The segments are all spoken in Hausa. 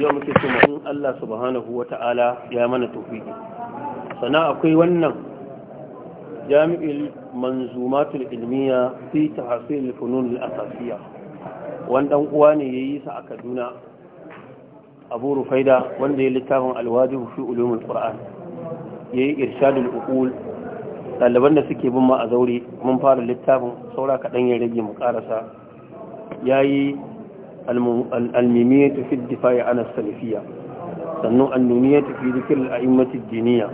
yau muke so in Allah subhanahu wa ta'ala ya mana tofiki sana akwai wannan jami'il manzumatul ilmiya fi tahsil funun al-asasiyya wannan uwa ne yayi sa a Kaduna Abu Rufaida wanda ya littafin al-wajib fi ulumul Qur'an yayi irshadul uqul ɗaliban da suke bin ma a zaure mun fara littafin saura kaɗan ya rage mu ƙarasa yayi الميمية في الدفاع عن السلفية سنو النونية في ذكر الأئمة الدينية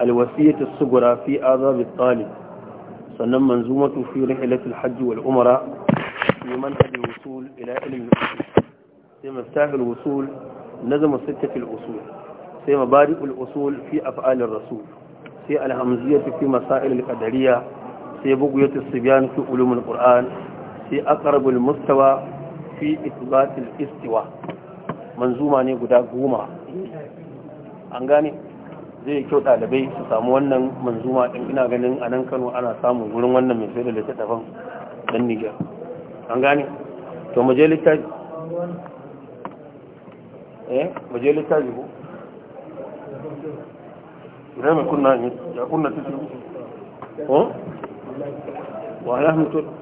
الوسية الصغرى في آذاب الطالب سنو منزومة في رحلة الحج والأمراء في منهج الوصول إلى علم الأصول في مفتاح الوصول نظم ستة الأصول في مبادئ الأصول في أفعال الرسول في الهمزية في مسائل القدرية في بقية الصبيان في علوم القرآن في أقرب المستوى fi isbatil istiwa manzuma ne guda goma an gane zai kyau ɗalibai su samu wannan manzuma ɗin ina ganin a nan kano ana samun wurin wannan mai sai da littattafan ɗan nijar an gane to mu je littafi eh mu je littafi ko idan mai kunna ne ya kunna tutu ko wa alhamdulillah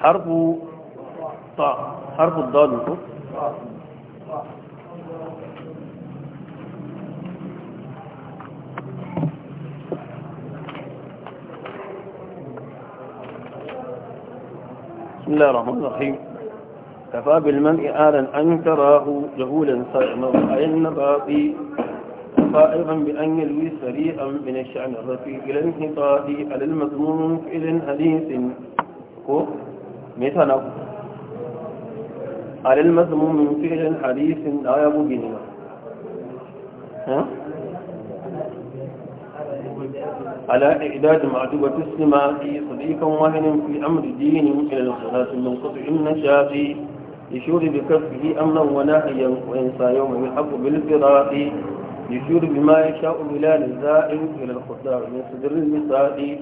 harfu طاء حرف الضاد نشوف بسم الله الرحمن الرحيم كفى بالمنء آلا أن تراه جهولا سائما وأين النباطي فائغا بأن يلوي سريعا من الشعن الرفيع إلى الانحطاط على المذموم فعل حديث مثلا على المذموم من فعل حديث لا يبغينا ها على إعداد معجبة السماء صديقا واهن في أمر دين إلى الصلاة من قطع يشور بكفه أمنا وناهيا وإنسى يوم يحب بالفراق يشور بما يشاء بلا نزاع إلى الخسار من صدر النساء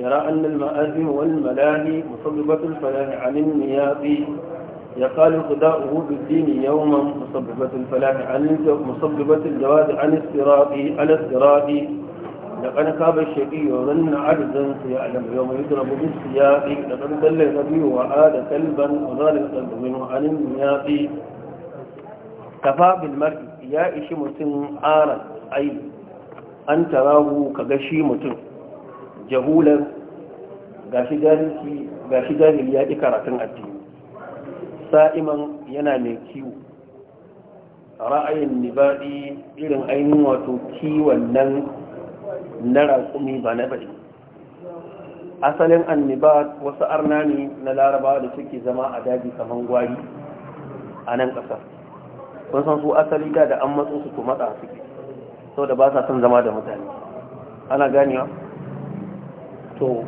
يرى أن المآزم والملاهي مصببة الفلاح عن النياب يقال خداؤه بالدين يوما مصببة الفلاح عن مصببة الجواد عن الصراط على الصراط لقد خاب الشقي وظن عجزا سيعلم يوم يضرب بالسياق لقد دل النبي وآل كلبا وظل القلب منه عن المياق كفى بالمرء يا إشمة متن عارا أي أن تراه كغشي متن جهولا gashi jahilci gashi jahiliya ki karatun addini sa'iman yana mai kiwo ra'ayin nibaɗi irin ainihin wato kiwon nan na raƙumi ba na baɗi asalin anniba wasu arna ne na larabawa da suke zama a daji kamar gwari a nan ƙasar kun san su asali da da an matsu su matsa suke sau da ba sa son zama da mutane ana ganewa to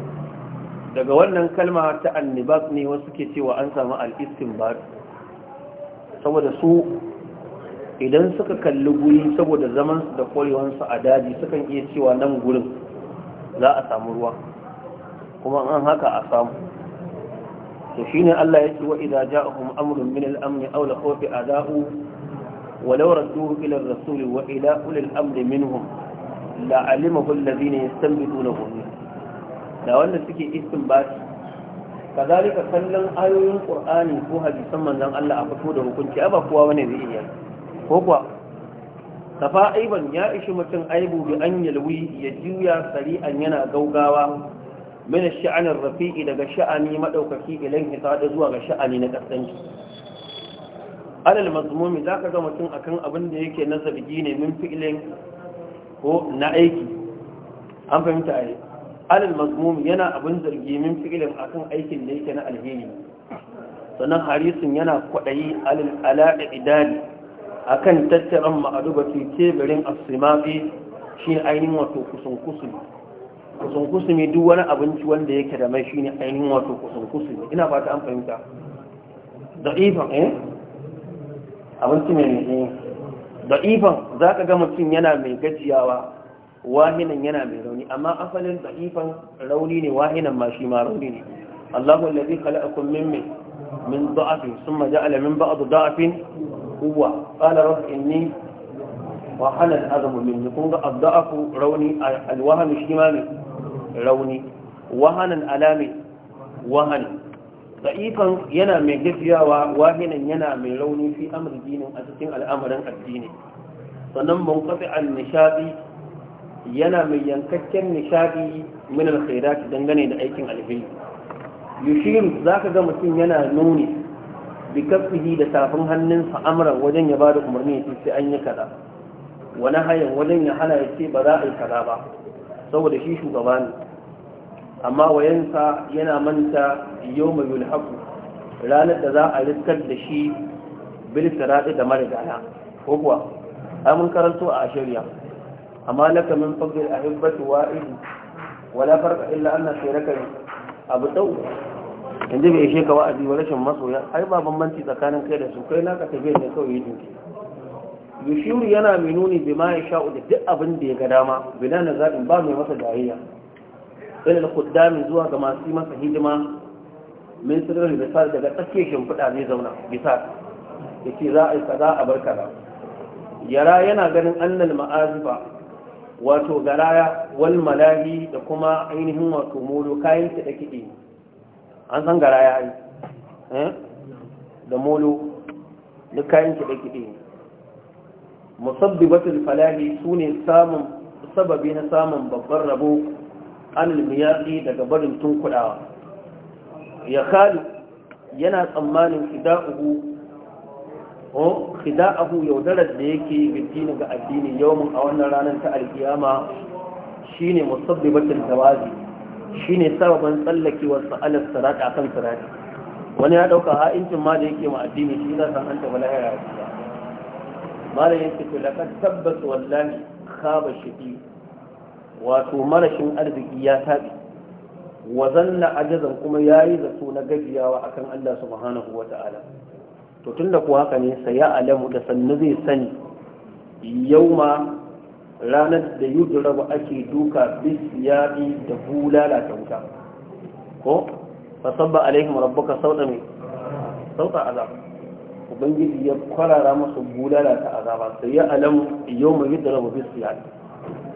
daga wannan kalma ta annibas ne wasu ke cewa an samu al'istinbar saboda su idan suka kalli guri saboda zaman su da kwarewansu a daji sukan iya cewa nan gurin za a samu ruwa kuma an haka a samu Da shi ne Allah ya ce wa idza ja'ahum amrun min al-amn aw la khawfi ada'u ولو ردوه إلى الرسول وإلى أولي الأمر منهم لعلمه الذين يستنبطونه منه da wanda suke istinbati kazalika kallon ayoyin qur'ani ko hadisan manzon Allah a fito da hukunci ba kowa bane zai iya ko kuwa safa aiban ya ishi mutum aibu bi an yalwi ya juya sari'an yana gaugawa min sha'anin rafi'i daga sha'ani madaukaki ilan hisada zuwa ga sha'ani na kasanci alal mazmumi za zaka ga mutum akan abin da yake nazari zargi ne min fi'ilin ko na aiki an fahimta a alal mazmum yana abin zargi min fi'ilin akan aikin da yake na alheri sannan harisun yana kwaɗayi alal ala'i idani akan tattaran ma'adubati teburin asimafi shi ainihin wato kusan kusuri kusan kusuri duk wani abinci wanda yake da mai shine ainihin wato kusan kusuri ina fata an fahimta ifan eh abinci mai eh. ne za ka ga mutum yana mai gajiyawa wahinan yana mai rauni amma asalin da'ifan rauni ne wahinan ma shi ma rauni ne Allahu allazi khalaqakum min min min da'afin thumma ja'ala min ba'd da'afin quwwa qala rabb inni wa hana al'azmu minni kun ga ad-da'afu rauni al-wahn shi ma ne rauni wahanan alami wahani da'ifan yana mai gajiyawa wahinan yana mai rauni fi amri dinin a cikin al'amuran addini sannan munqati an-nishadi yana mai yankakken nishadi min alkhairat dangane da aikin alheri yushiru zaka ga mutum yana nuni bi kafihi da tafin hannunsa amra wajen ya bada umarni ya sai an yi kaza wani hayan wajen ya hana ya ce ba za a yi kaza ba saboda shi shugaba ne amma wayansa yana manta yau mai ranar da za a riskar da shi bil da marigana ko kuwa ai mun karanto a shari'a amma laka min fadl ahibbatu wa'id wala farqa illa anna sayraka abu dau inda bai ishe ka wa'azi wa rashin masoya ai ba bambanci tsakanin kai da su kai naka tafiya ne kawai yin ki yana minuni bima ya sha'u da duk abin da ya ga dama bina na zaɓin ba mai masa dariya ila da kuddami zuwa ga masu masa hidima min sirrin bisa daga tsakiyar shimfiɗa zai zauna bisa ya ce za a yi kaza a bar kaza yara yana ganin annal ma'azifa wato garaya wal malahi da kuma ainihin wato molo kayan ta da kiɗi an san garaya ai eh? da molo da kayan ta da kiɗi musabbibatul falahi sune samun sababi na samun babban rabo alal miyaqi daga barin tunkudawa ya kalu yana tsammanin fida'uhu o abu yaudarar da yake bidini ga addini yawmin a wannan ranar ta alkiyama shine musabbibatul tawazi shine sababan tsallakewar sa'alar sirata akan sirati wani ya dauka ha'incin ma da yake ma addini shi za san anta bala ya malam yake to laqad tabbas wallahi khaba shidi wato marashin arziki ya tabi wa zanna ajazan kuma yayi zato na gajiyawa akan Allah subhanahu wata'ala to tun da kuwa haka ne sai ya alamu da sannu zai sani yau ma ranar da yi da rabu ake duka bisiyadi da bulala ta wuta ko fasabba alaihim rabbuka sauta mai sauta azab ubangiji ya kwarara masu bulala ta azaba sai ya alamu yau ma yauma yudu rabu bisiyadi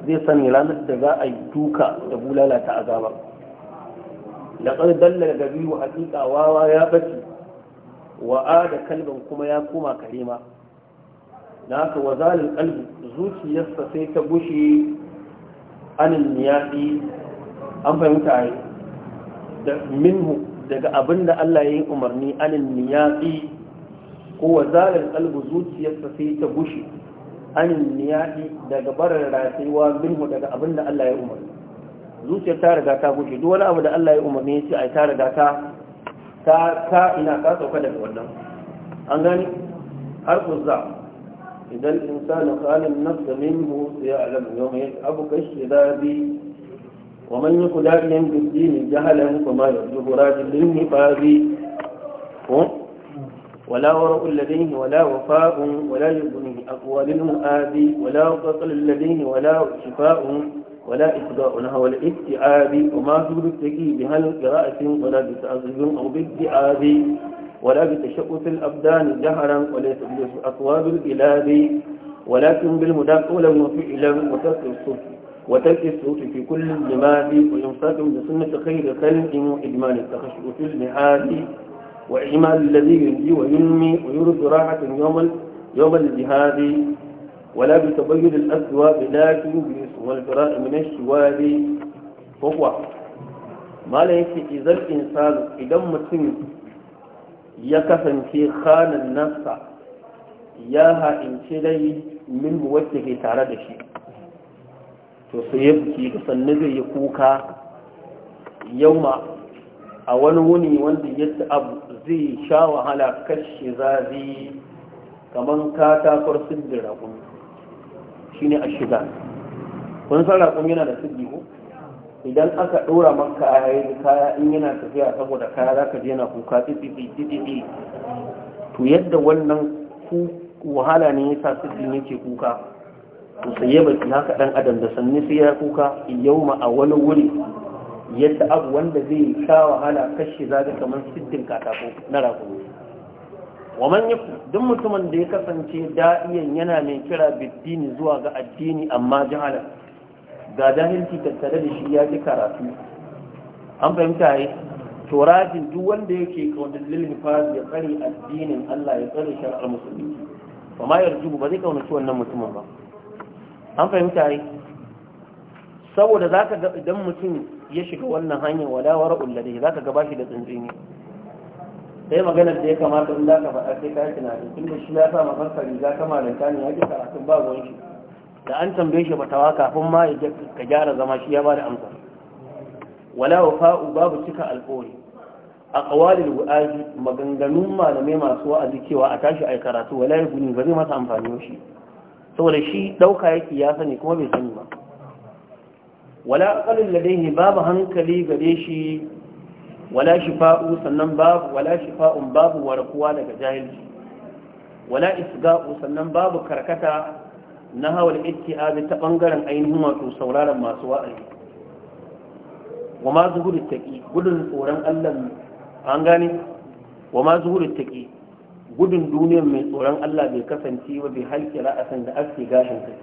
zai sani ranar da za a yi duka da bulala ta azaba laqad dalla gabi wa haqiqa wawa ya bace wa ada kalban kuma ya koma karima na haka wa zalil kalbi zuciyarsa sai ta bushe anin niyaɗi an fahimta yi da minhu daga abin da Allah ya yi umarni anin niyaɗi ko wa zalil kalbi zuciyarsa sai ta bushe anin niyaɗi daga barar rayuwa minhu daga abin da Allah ya yi umarni zuciyar ta riga ta bushe duk wani abu da Allah ya yi umarni ya ce ai ta riga ta ta ina ka sauka daga wannan an gani har kuzza idan insanu qala an-nafs minhu ya'lamu yawma yas'abu kashdabi wa man yakul da'iyan bid-din jahalan fama yarjuhu rajul lil-nifabi ولا ورع لديه ولا وفاء ولا يبنيه أقوال المؤابي ولا قتل لديه ولا شفاء ولا إخضاء لها ولا استعاب وما زول التقي بها القراءة ولا بتعظيم أو بالدعاب ولا بتشقف الأبدان جهرا وليس بجسم أطواب الإلاب ولكن بالمدافع لهم وفعلا وترك الصوت وترك الصوت في كل الجماد وينصات بسنة خير خلق وإجمال التخشع في المعاد وإجمال الذي ينجي وينمي ويرد راحة يوم يوم الجهاد ولا بتبين الأسواق لكن والفراء من الشوال فهو ما لا يكفي إذا الإنسان إذا متم يكفن في خان النفس ياها إن شلي من موجه تعرض شيء تصيبك تصنزي يكوكا يوم أول وني wuni يتأب زي abu zai sha wahala كمان كاتا فرسد katakon ne shine shiga kun san raƙon yana da sirri ko idan aka ɗora man kaya kaya in yana tafiya saboda kaya za ka jena kuka tsitsi to yadda wannan ku wahala ne ya yasa sirrin yake kuka to sai ba ki haka dan adam da sannu sai ya kuka yauma a wani wuri yadda abu wanda zai sha wahala kashi zaga kamar siddin katako na raƙumi wa man yaku duk mutumin da ya kasance da'iyan yana mai kira biddini zuwa ga addini amma jahala ga jahilci tattare da shi ya ji karatu an fahimta yi turajin duk wanda yake kaunar lilhifaz ya tsare addinin Allah ya tsare shari'ar musulmi ba ma yarju ba zai kaunaci wannan mutumin ba an fahimta yi saboda za ka ga idan mutum ya shiga wannan hanyar wala wara'ul za ka ga shi da tsintsini sai maganar da ya kamata in za ka faɗa sai ka tunani tun da shi ya sa mafarka riga da malanta ne ke karatun ba ruwan shi da an tambaye shi batawa kafin ma ka gyara zama shi ya ba da amsa wala fa'u babu cika alƙawari a ƙawalin wa'azi maganganun malamai masu wa'azi cewa a tashi a yi karatu wala ya guni ba zai masa amfani shi saboda shi ɗauka yake ya sani kuma bai sani ba wala aqalil ladaihi babu hankali gare shi wala shifa'u sannan babu wala shifa'un babu warkuwa daga jahilci wala isga'u sannan babu karkata na hawal ittiabi ta bangaren ainihin wato sauraron masu wa'azi wa ma zuhuru taqi gudun tsoron Allah an gane wa ma zuhuru taqi gudun duniyar mai tsoron Allah bai kasance ba bai halki ra'asan da aske gashin kai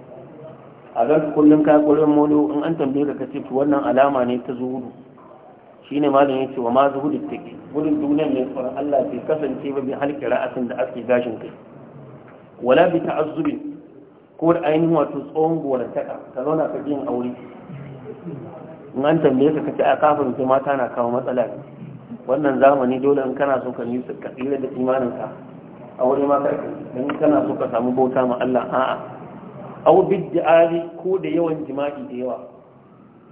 a ga kullum ka kullun molo in an tambaye ka ce to wannan alama ne ta zuhuru shine malam yace wa ma zuhudu take gudun duniyar mai tsoron Allah bai kasance ba bi halki ra'asin da ake gashin kai wala bi ta'azzubi ko da ainihin wato tsohon gora ta ka zauna ka jin aure in an tambaye ka kace a kafin sai mata na kawo matsala wannan zamani dole in kana so ka yi ka da imanin ka aure ma kai dan kana so ka samu bauta ma Allah a'a aw bid'ali ko da yawan jima'i da yawa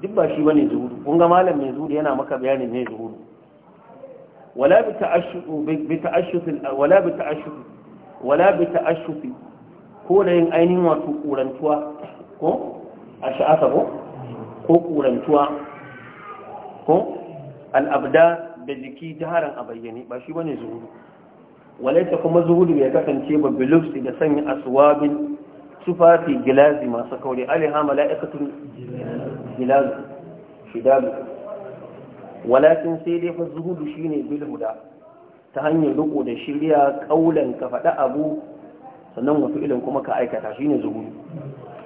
duk ba shi bane zuhudu kun ga malam mai zuhudu yana maka bayanin ne zuhudu wala bi ta'ashshuf wala bi ta'ashshuf ko da yin ainihin wato kurantuwa ko a sha'afa ko ko kurantuwa ko al'abda da jiki jaharan a bayyane ba shi bane zuhudu walaita kuma zuhudu ya kasance ba bilufsi da sanya aswabin tufafi gilazi masu kauri alihama la'ikatun hilal shidalu walakin sai dai fa zuhudu shine bil huda ta hanyar riko da shirya kaulan ka faɗa abu sannan wasu ilin kuma ka aikata shine zuhudu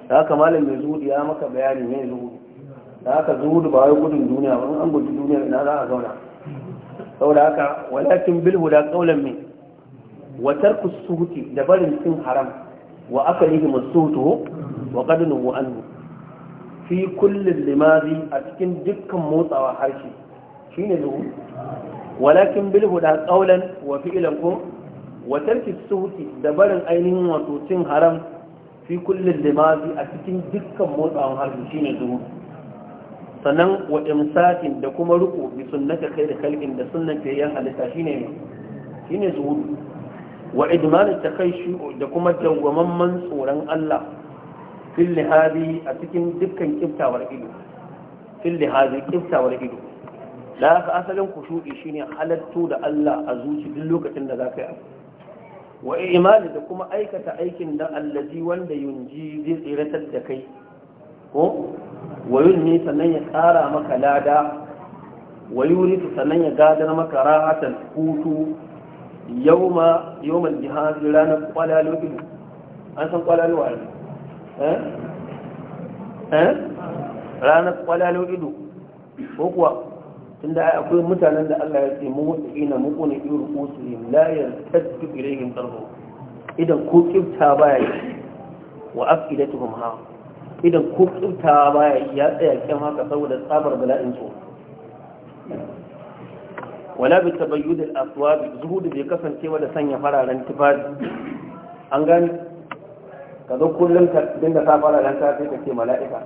da haka malam mai zuhudu ya maka bayani ne zuhudu da haka zuhudu ba wai gudun duniya ba an gudu duniya ina za a zauna saboda haka walakin bil huda kaulan mai wa tarku suhuti da barin sun haram wa akalihi as wa qadnu anhu fi kullin limazi a cikin dukkan motsawa harshe shi ne zuhu walakin bil huda qawlan wa fi'lan ko wa suhuti da barin ainihin wato cin haram fi kullin limazi a cikin dukkan motsawan harshe shi ne zuhu sannan wa imsakin da kuma ruku bi sunnata kai da kalkin da sunnan fiyayyen halitta shine shine zuhudu wa idman takai da kuma dawwamamman tsoron Allah fil lihabi a cikin dukkan kiftawar ido fil lihabi kiftawar ido da haka asalin kushu'i shine halatto da Allah a zuci duk lokacin da za ka yi wa imani da kuma aikata aikin da allazi wanda yunji zai tsiratar da kai ko wa ne sannan ya tsara maka lada wa yuritu sannan ya gadar maka rahatan hutu Yau yawma yawmal jihad ranar kwalalo ido an san kwalalo a Eh? Eh? ranar kwalalo ido ko kuwa tun da akwai mutanen da Allah ya ce mun wasu ina muku ne ko su ne layar tattu ilayin tsarko idan ko kifta baya yi wa da tuhum ha idan ko kifta baya yi ya tsaya kyan haka saboda tsabar la'in su wala bi tabayyud da aswab zuhud bai kasance ba da sanya fararen tufafi an gani ka zo kullum ka dinga sa fara dan safe ka ce mala'ika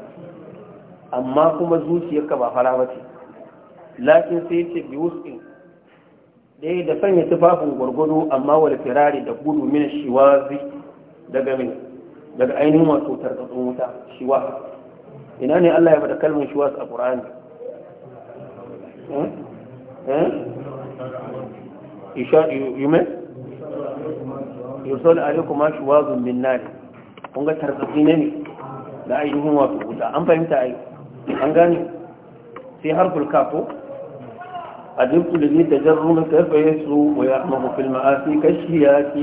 amma kuma zuciyarka ba fara ba ce lakin sai ce bi wuskin ɗaya da sanya tufafin gwargwado amma wal firari da gudu min shiwazi daga min daga ainihin wato tarkatsun wuta shiwa ina ne Allah ya faɗa kalmar shiwa a Qur'ani eh? Eh? isha yume yusol alaikum ma shuwazun min nari kun ga tarzafi ne ne da ainihin wato guda an fahimta ai an gane sai harful kafo أدبت الذي تجرم كيف يسرو ويأمه في المآسي كالشياك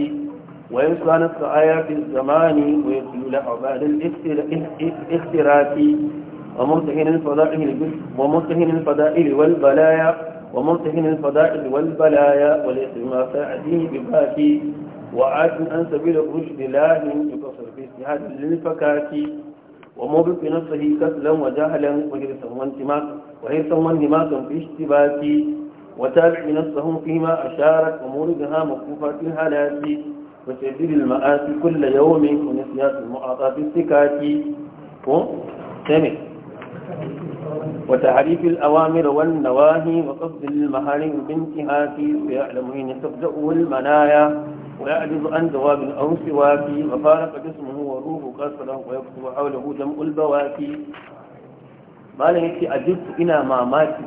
ويسرى نفس آيات الزمان ويبدو لعباد الاختراك ومرتهن الفضائل ومرتهن الفضائل والبلايا ومرتهن الفضائل والبلايا وليس ما ساعديه بباكي وعادوا أن سبيل الرشد لا يكفر في اجتهاد للفكاة وموبق نفسه كسلا وجهلا وهرسا وانهماكا في اشتباك وتابع نفسهم فيما أشارت وموردها مكفوفات الهلاك وتجديد المآسي كل يوم ونسيات المعاطاة في السكاك وتعريف الأوامر والنواهي وقصد المهارم بانتهاك ويعلم ان تبدأ المنايا ويعجز عن جواب أو سواكي وفارق جسمه وروحه كسرا ويكتب حوله جمع البواكي ما يأتي أجبت إلى ماماتي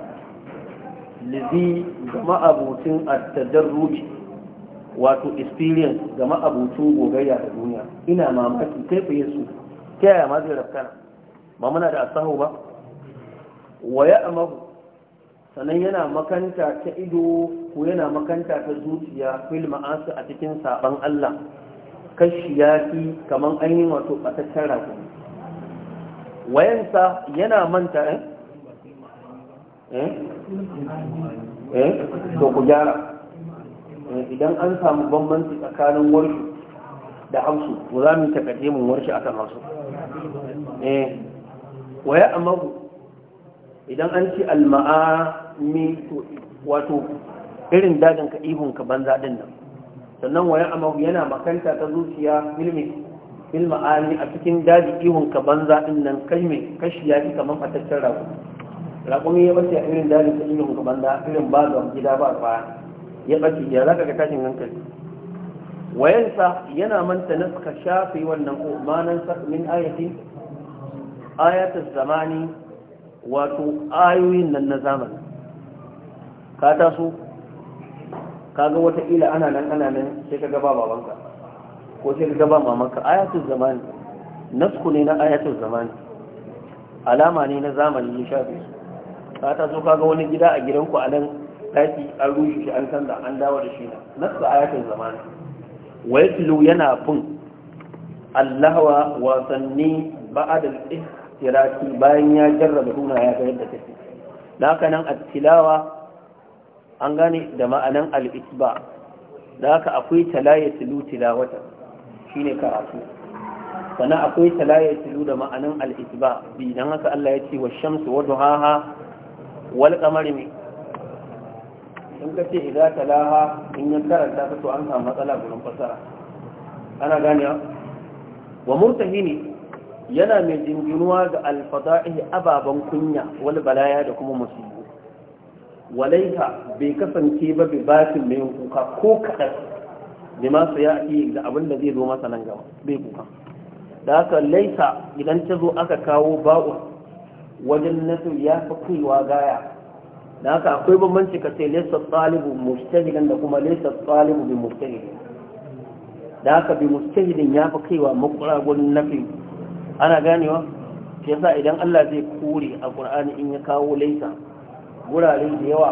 لذي جمع أبوتين التدرج wato experience ga ma'abucin gogayya da duniya ina mamaki kai fiye su ta yaya ma zai ba muna da asahu ba wa ya sannan yana makanta ta ido ko yana makanta ta zuciya fil ma'asu a cikin saban Allah kashi yafi kaman ainihin wato bataccen rago wayansa yana manta eh eh, eh? to ku gyara eh, idan an samu bambanci tsakanin warshe da hausu ko za mu takaje mun warshi akan hausu eh waya amma idan an ci alma'ami wato irin dajin ka ihun ka banza din nan sannan wayan amma yana makanta ta zuciya ilmi ani a cikin daji ihun ka banza din nan kai me kashi ya fi kamar fataccen rako ne ya bace irin dajin ka ihun ka banza irin ba ga gida ba ba ya bace ya zaka ga tashin hankali wayansa yana manta na suka shafe wannan ko manan min ayati ayatu zamani wato ayoyin nan na zamani ka taso kaga wataƙila ana nan ana nan sai ka gaba babanka ko sai ka gaba mamanka ayatul zamani nasku ne na ayatul zamani alama ne na zamani ya shafe su ka taso kaga wani gida a gidanku a nan daki an rushe shi an canza an dawo da shi na nasu ayatul zamani wayatlu yana bin allawa wasanni ba'ad al sirati bayan ya jarraba suna ya ga yadda take da haka nan a tilawa an gane da ma'anan al-itba da haka akwai talayatilu tilawata Shi ne karatu sannan akwai talayatilu da ma'anan al-itba bi dan haka Allah ya ce wa shamsu wa duhaha wal qamari in Sun ce idan talaha in ya karanta ka to an samu matsala gurin fasara ana gane wa murtahini yana mai jinginuwa ga alfada'i ababen kunya wal balaya da kuma musibu walaita bai kasance ba bi batin mai kuka ko kaɗan lima su ya yi da abin da zai zo masa nan gaba bai kuka da haka laita idan ta zo aka kawo ba'u wajen nasu ya fi kaiwa gaya da haka akwai bambanci ka ce laita tsalibu mustahidan da kuma laita tsalibu bi mustahidin da haka bi mustahidin ya fi kaiwa makura gurin nafi ana ganewa shi sa idan Allah zai kore a Qur'ani in ya kawo laisa wurare da yawa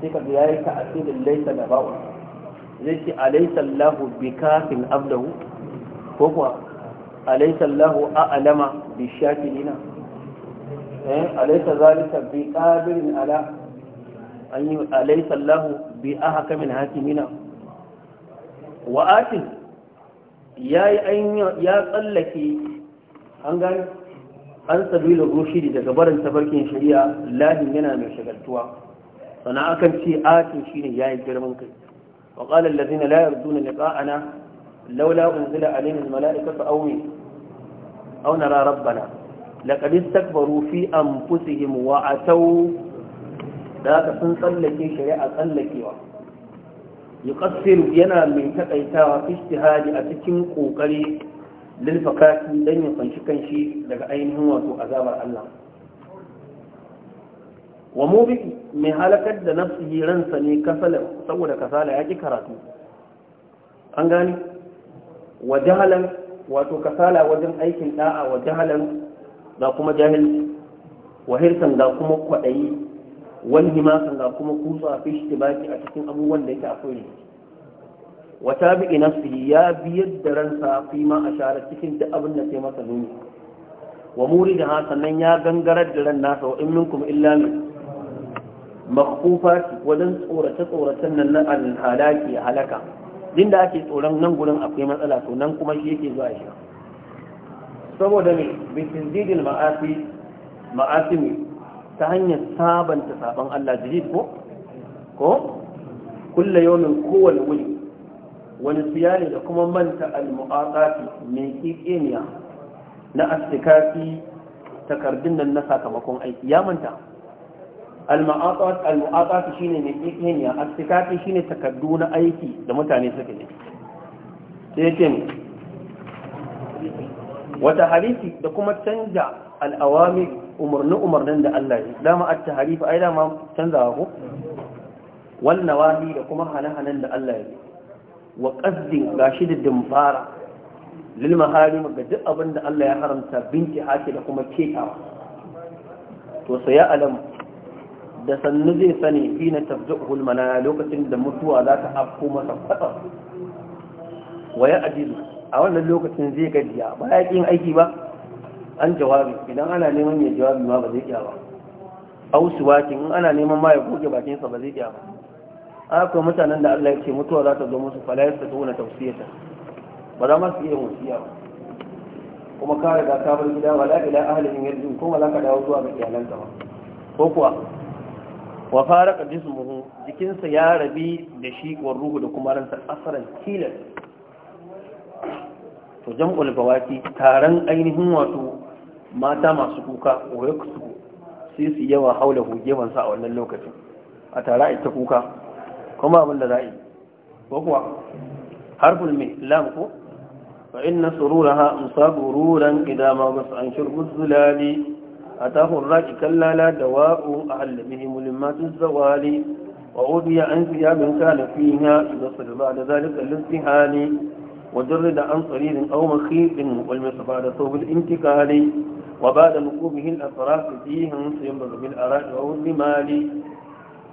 sai ka ya yi ta'asirin laisa da ba'u zai ce alaysa bi kafin abdahu ko kuwa alaysa a a'lama bi Shafi bishakirina eh alaysa zalika biqadirin ala an yi alaysa Allahu bi ahkamin hakimina wa atin yayi ya tsallake an gani an sabila rushidi daga barin tabarkin shari'a lahin yana mai shagaltuwa sana akan ce atin shine yayin girman kai wa qala allazina la yarduna liqa'ana laula unzila alaina almala'ikatu aw min aw nara rabbana laqad istakbaru fi anfusihim wa ataw da ka sun tsallake shari'a tsallakewa yuqassiru yana mai taƙaitawa fi ijtihadi a cikin ƙoƙari. lilfa fakati dan ya fanshi kanshi daga ainihin wato azabar Allah wa mubi mai halakar da nafsihi ransa ne kasala saboda kasala ya ƙi karatu an gane wa jahalan wato kasala wajen aikin da'a wa jahalan ga kuma jahilci wa hirsan ga kuma kwaɗayi wani himasan ga kuma kutsa fi shi a cikin abubuwan da yake akwai wata bi inafsi ya biyar da ransa fi ma ashara cikin duk abin da sai masa nuni wa muri da ha sannan ya gangarar da ran nasa wa in minkum illa min makhufati wajen tsorace tsoracen nan na halaki halaka din da ake tsoron nan gurin akwai matsala to nan kuma shi yake zuwa shi saboda ne bisin zidil ma'asi ma'asi ta hanyar sabanta sabon Allah jidid ko ko kulla yawmin kowane wuri wani siyani da kuma manta al-mu'aqati mai kikeniya na astikasi takardun nan na sakamakon aiki ya manta al-mu'aqat al-mu'aqati shine mai kikeniya astikasi shine takardu na aiki da mutane suka yi sai yake mu wata harifi da kuma canja al umarni umarnin da Allah ya dama at-taharifi ai dama canzawa ku? wannan wahi da kuma hana-hanan da Allah ya yi wa ƙasdin gashi da dimfara lil maharim ga duk abin da Allah ya haramta binci haki da kuma ketawa to sai ya alam da sannu zai sani na tafi hulmana lokacin da mutuwa za ta afko masa kwatsa wa ya ajizu a wannan lokacin zai gajiya ba ya yin aiki ba an jawabi idan ana neman ya jawabi ma ba zai ƙyawa ba ausuwakin in ana neman ma ya goge bakinsa ba zai ƙyawa ba akwai mutanen da Allah ya ce mutuwa za ta zo musu fala ta tsato na ba za ma su iya wasiya kuma ka riga ka bar gida wala ila ahlihim yarjun ko wala ka dawo zuwa ga iyalanka ba ko kuwa wa faraka jismuhu jikinsa ya rabi da shi wa ruhu da kuma ransa asaran tilas to jam'ul bawaki taron ainihin wato mata masu kuka wa yaksu sai su yawa haula hujemansa a wannan lokacin a tara ita kuka kuma abin za a yi ko kuwa harfin mai lam ko fa inna surura ha musabu ruran idan ma wasu an shirgu zulali a tafin raki kallala da wa'u a hallabihi mulimmatin zawali wa wudu ya an fiya bin kana fiya da sulba da zalika lissi hali wajen da an tsaririn auma khifin walmai sufa da sauhul intikali ba da mukubihin a tsara su fihin su yin bazabin a rashi wa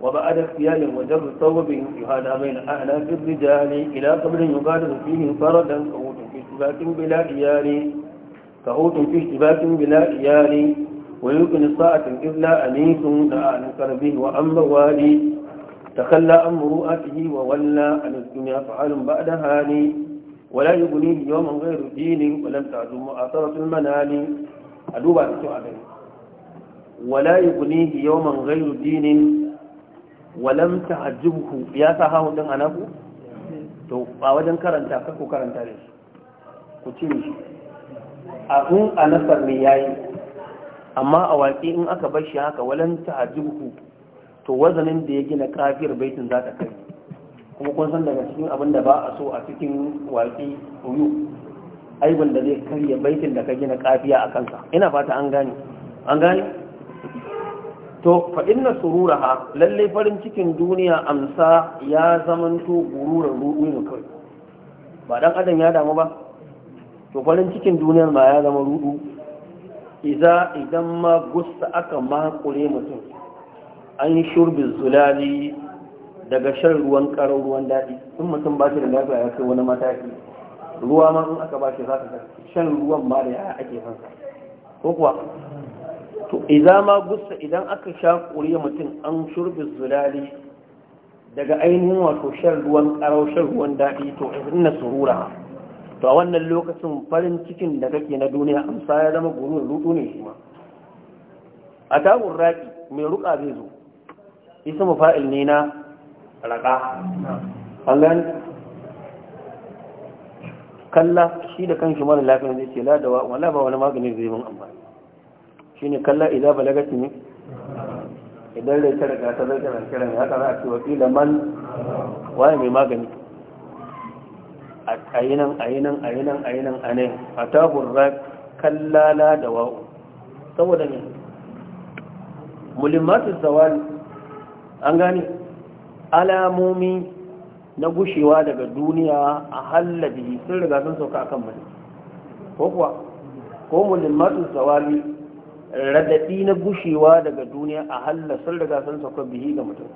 وبعد اختيال وجر ثوب يهادى بين أعناق الرجال إلى قبر يبادر فيه فردا كهوت في اشتباك بلا إيال كهوت في اشتباك بلا إيال ويمكن الطاعة إلا أنيس دعا كربه وأما والي تخلى عن مروءته وولى عن الدنيا فعال بعد هاني ولا يبنيه يوما غير دين ولم تعزم مؤثرة المنال أدوب على السؤال ولا يبنيه يوما غير دين walam ta'ajjubhu ya sa hawun din anaku to a wajen karanta ka ko karanta ne ku ci shi a un anasar ne yayi amma a waƙi in aka bar shi haka walam ta'ajjubhu to wazanin da ya gina kafir baitin za ta kai kuma kun san daga cikin abin da ba a so a cikin waƙi uyu aibin da zai karya baitin da ka gina kafiya a kansa ina fata an gane an gane to fa inna sururaha lalle farin cikin duniya amsa ya zamanto gururan ruɗu ne kawai ba dan adam ya damu ba to farin cikin duniyar ma ya zama ruɗu iza idan ma gusta aka makure mutum an shurbi zulali daga shan ruwan karar ruwan daɗi in mutum ba shi da lafiya ya kai wani mataki ruwa ma in aka ba shi za ka shan ruwan ma da ya ake son ko kuwa to idan ma gusa idan aka sha ƙuriya mutum an shurbi zulali daga ainihin wato shan ruwan ƙarau shan ruwan daɗi to ina surura to a wannan lokacin farin cikin da kake na duniya amsa ya zama guru rudu ne ma a tagun raƙi mai ruƙa zai zo isa fa'il ne na raƙa an kalla shi da kan shi mara lafiya zai ce la da wala ba wani magani zai yi mun amfani shine kalla idza balagati ne idan da ta riga ta zai kiran haka za a ce wakila man waye mai magani a ayinan ayinan ayinan ayinan anai a tahun kallala da wa'u saboda ne mulimatu zawal an gane alamomi na gushewa daga duniya a halabi sun riga sun sauka akan mai ko kuwa ko mulimatu zawali radadi na gushewa daga duniya a halla sun riga sun sauka bihi ga mutum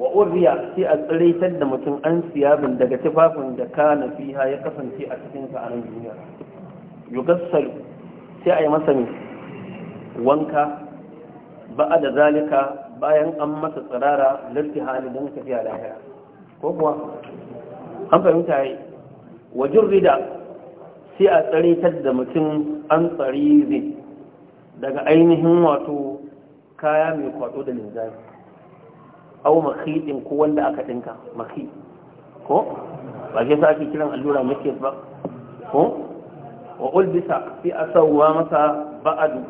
wa urriya sai a tsiraitar da mutum an siya siyabin daga tufafin da ka kana fiha ya kasance a cikin sa a nan duniya yugassal sai a yi masa wanka ba'a da zalika bayan an masa tsirara larti hali don tafiya lahira ko kuwa an fahimta yi wajen rida sai a tsiraitar da mutum an tsari zai daga ainihin wato kaya mai kwato da linzami au din ko wanda aka dinka makhi ko ba ke sa kiran allura makis ba ko wa ulbisa fi a masa ba'adu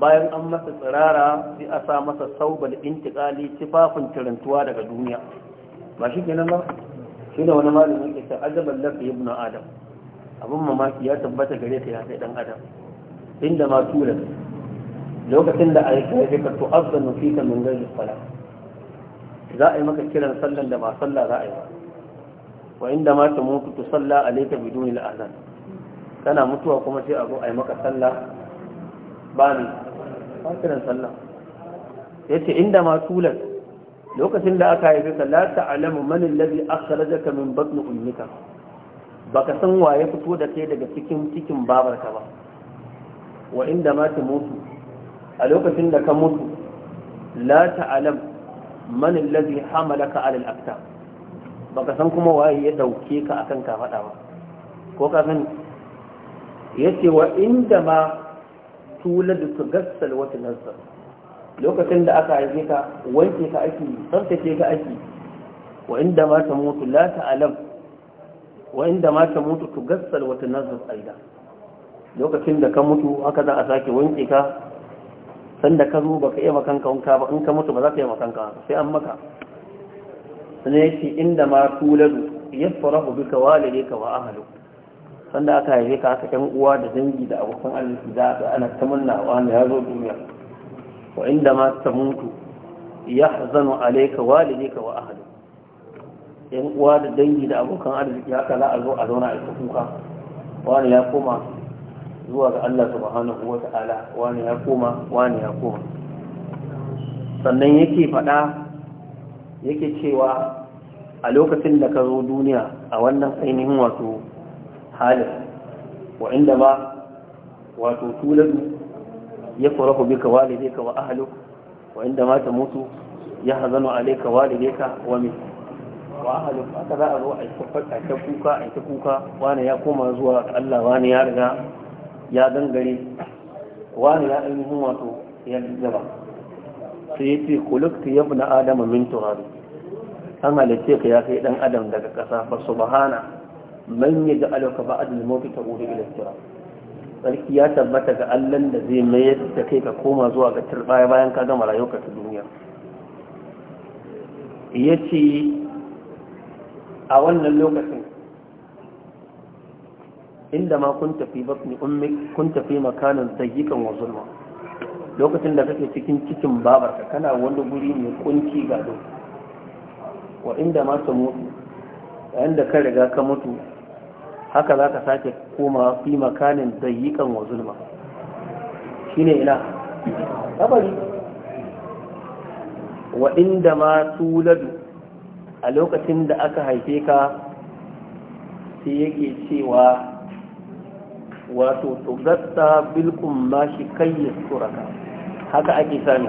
bayan an masa tsirara fi a masa saubal intikali tifafin tirantuwa daga duniya ba shi kenan ba shi da wani malamin yake ta ajaban lafi ibnu adam abin mamaki ya tabbata gare ta ya sai dan adam inda ma tura lokacin da a yi karfe ka tu'azzanu fi ka min gari sala za a yi maka kiran sallan da ba sallah za a yi ba wa inda ma ta mutu tu salla alayka biduni al'azan kana mutuwa kuma sai a zo a yi maka sallah ba ne ba kiran sallah yace inda ma tulan lokacin da aka haife ka la ta'lamu man alladhi akhrajaka min batni ummika baka san waye fito da kai daga cikin cikin babarka ba wa inda ma ta mutu a lokacin da ka mutu la ta'alam man allazi hamalaka ala al-aqta baka san kuma waye ya dauke ka akan ka fada ba ko ka san yace wa inda ma tuladu tugassal wa tunazzal lokacin da aka haife ka wanke ka aiki, tsaftace ka aiki. wa inda ma ta mutu la ta'alam wa inda ma ta mutu tugassal wa tunazzal aida lokacin da ka mutu haka za a sake wanke ka sanda ka zo ba ka iya makanka wanka ba in ka mutu ba za ka iya makanka sai an maka sannan ya ce inda ma tuladu ya ka wale ne ka wa ahalu sanda aka haife ka aka yan uwa da dangi da abokan arziki za ga ana ta munna wa ne ya zo duniya wa inda ma ta mutu ya zano alaika ne ka wa ahalu yan uwa da dangi da abokan arziki haka za a zo a zauna a kuka wani ya koma zuwa ga Allah subhanahu wa ta'ala wani ya koma wani ya koma sannan yake faɗa yake cewa a lokacin da ka zo duniya a wannan ainihin wato halin wa inda ma wato tuladu ya farahu bika walidayka wa ahluk wa inda ma ta mutu ya a hazanu alayka walidayka wa min wa ahluk haka za a zo a yi kuka a yi ta kuka wani ya koma zuwa Allah wani ya riga ya gangare wani ya ainihin wato ya gaba sai ya ce kulukta ya na adama min turari an halitta ka ya kai dan adam daga ƙasa ba su bahana man ya ga alaka ba adal mafi ta wuri ilattira sarki ya tabbata ga allan da zai mayar da kai ka koma zuwa ga turbaya bayan ka gama rayuka ta duniya ya ce a wannan lokacin inda ma kun tafi batni ummi kun tafi makanan sayyikan wa zulma lokacin da kake cikin cikin babarka kana wani guri mai ga do wa inda ma ta mutu yayin da ka riga ka mutu haka za ka sake koma fi makanin sayyikan wa zulma shine ina kabari wa inda ma tuladu a lokacin da aka haife ka sai yake cewa wato tugatta shi kummashi suraka haka ake sani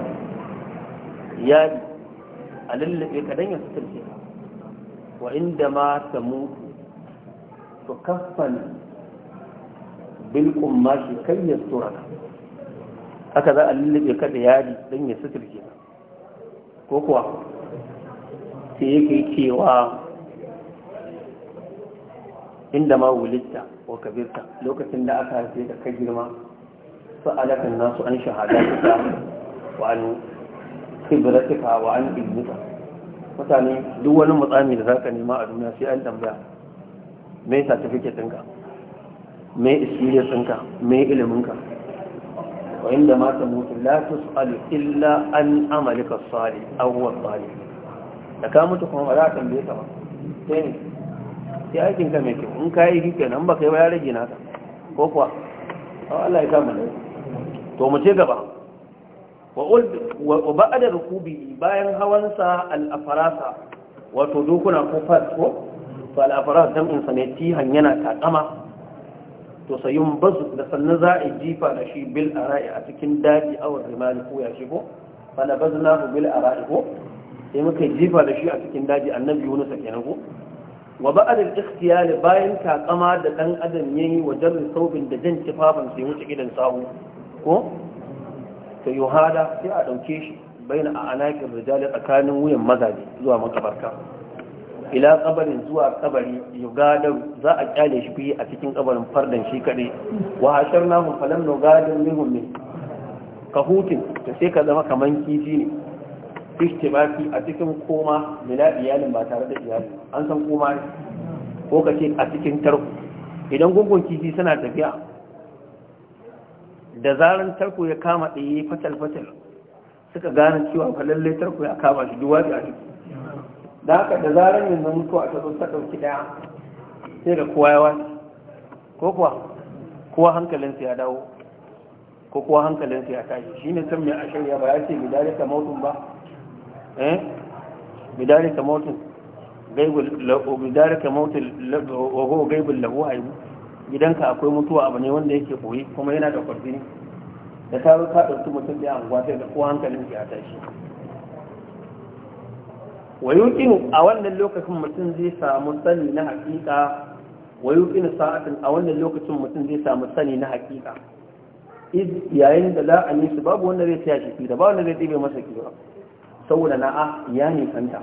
ya a lullube kadan ya suturce wa inda ma ta mutu to ma shi kummashi suraka haka za a lullube kada da yadi dan ya suturce ko kuwa sai yake cewa inda ma wulitta wa kabirta lokacin da aka haife da ka girma sa'alakan nasu an shahadatika wa an khibratika wa an ilmika mutane duk wani mutsami da zaka nema a duniya sai an tambaya me certificate ɗinka me experience ɗinka me ilimin ka? wa inda ma ta mutu la tus'alu illa an amalika salih awwal salih da ka mutu kuma ba za a tambaye ka ba sai sai aikin ka mai kyau in ka yi shi nan ba kai ba ya rage naka ko kuwa oh, Allah ya kama da to mu ce gaba wa ba'da rukubi bayan hawansa al-afarasa wato dukuna ko fas ko to al-afaras dan insa ne tihan yana takama to sayun bazu da sannan za a jifa da shi bil ara'i a cikin daji awar rimali ko ya shigo fana bazna bil ara'i ko sai muka jifa da shi a cikin daji annabi Yunus kenan ko wa ba'ad al-ikhtiyar bayan takama da dan adam yayi wa jarri saubin da jin kifafan sai wuce gidan sahu ko to yuhada sai a dauke shi baina a anakin rijali tsakanin wuyan mazaje zuwa makabarka ila kabarin zuwa kabari yugadar za a kyale shi fiye a cikin kabarin fardan shi kade wa hasharna namun falam nugadar minhum ka hutun sai ka zama kaman kifi ne istimaki a cikin koma bila iyalin ba tare da iyali an san koma ne ko ka ce a cikin tarko idan gungun kifi suna tafiya da zaran tarko ya kama ɗaya fatal-fatal suka gane cewa ka lallai tarko ya kama shi duwatsu a ciki da haka da zaran yanzu mutuwa ta zo ta ɗauki ɗaya sai da kowa ya wace ko kuwa kowa hankalinsa ya dawo ko kowa hankalinsa ya tashi shi ne san mai ashirya ba ya ce mai dalika mautun ba eh bidarika mautin gaibul lahu bidarika mautin wa huwa gaibul gidanka akwai mutuwa abu ne wanda yake koyi kuma yana da kwarfi da ta ka dauki mutum da anguwa sai da ko hankalin ya tashi wa yuqinu a wannan lokacin mutum zai samu sani na hakika wa yuqinu sa'atin a wannan lokacin mutum zai samu sani na hakika yayin da za a yi babu wanda zai tsaya shi da ba wanda zai tsibe masa kiwa saboda a ya nisanta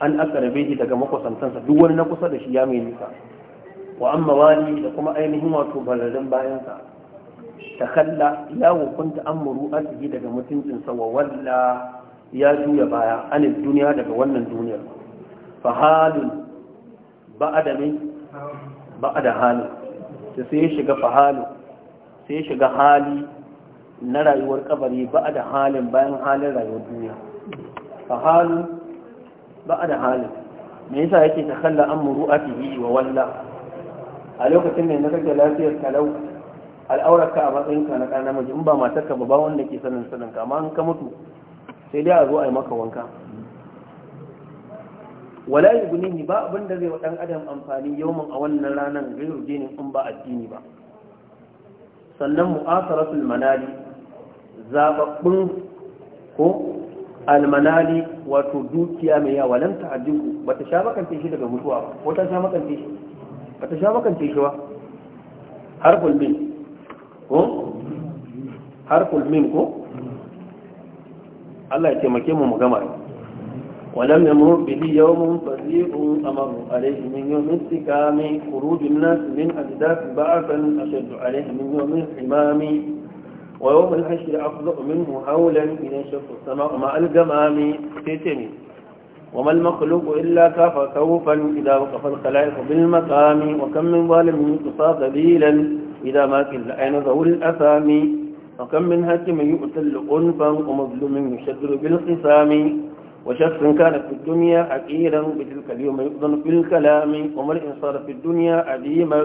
an akarabe shi daga makwasantansa duk wani na kusa da shi ya mai nisa wa amma wani da kuma ainihin wato balalin bayansa ta kalla ya hukunta an muru'atihi daga mutuncinsa wa walla ya juya baya an duniya daga wannan duniyar fa halun ba min halin sai ya shiga fa sai ya shiga hali na rayuwar kabari ba da halin bayan halin rayuwar duniya fahalu ba a da me yasa yake ta kalla an muru'atihi wa walla a lokacin da na kake lafiyar kalau al'aurarka a matsayinka na ɗan namiji in ba matarka ba ba wanda ke sanin sanin ka amma in ka mutu sai dai a zo a yi maka wanka wala ni ba abin da zai wa ɗan adam amfani yawon a wannan ranar gairu dinin in ba addini ba sannan mu'asarar manali zaɓaɓɓun, ko almanali wato dukiya mai yawa lan ta'addiku bata sha makance shi daga mutuwa ba wata sha makance shi bata sha makance shi ba har kulmin ko har kulmin ko Allah ya taimake mu mu gama wa walam yamur bihi yawmun fadhi'u amaru alayhi min yawmin tikami khurujun nas min ajdad ba'atan ashaddu alayhi min yawmin imami ويوم الحشر أفضل منه هولا إلى شف السماء مع الجمام تتمي وما المخلوق إلا كاف كوفا إذا وقف الخلائق بالمقام وكم من ظالم يقصى سبيلا إذا ما كل أين ذو الأثام وكم من هاتم يؤتل أنفا ومظلم يشدر بالقسام وشخص كان في الدنيا عكيرا بتلك اليوم يؤذن في الكلام وما صار في الدنيا عديما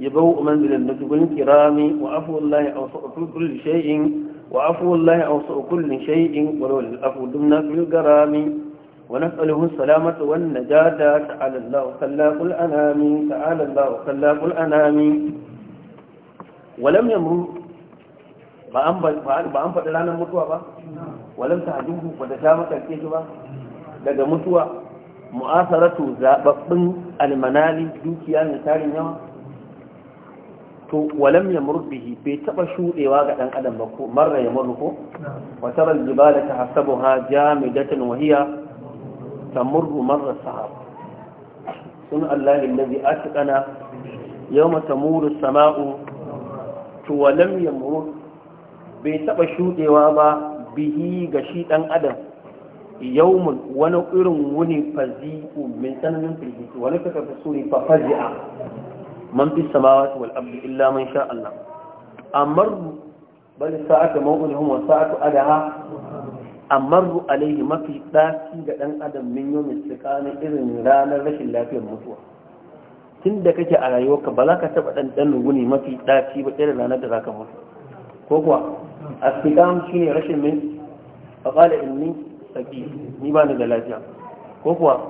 يبوء منزل النسب كرام وعفو الله أوسع كل شيء وعفو الله أوسع كل شيء ولو العفو دمنا في الكرام ونسأله السلامة والنجاة تعالى الله خلاق الأنام تعالى الله خلاق الأنام ولم يمر ba an faɗi ranar mutuwa ba walam ta hajjuhu ba da ta makarce shi ba daga mutuwa mu'asaratu zaɓaɓɓun almanali dukiya mai tarin yawa to walam ya murbihi bai taba shudewa ga dan adam ba ko marra ya murhu wa tara aljibala tahsabuha jamidatan wa hiya tamurru marra sahab sun allahi allazi atqana yawma tamuru as-sama'u to walam ya mur bai taba shudewa ba bihi ga shi dan adam yawmun wani irin wuni fazi'u min tsananin firgiti wani kaka fasuri fa fazi'a man fi samawati wal ardi illa man sha Allah amar bal sa'atu mawduhum wa sa'atu adaha amar alaihi mafi dasi ga dan adam min yumin tsakanin irin ranar rashin lafiyar mutuwa Tunda da kake a rayuwarka ba za ka taɓa ɗan ɗan ruguni mafi ɗaci ba irin ranar da za ka mutu ko kuwa astikam shi ne rashin min fa ƙala inni saki ni ba ni da lafiya ko kuwa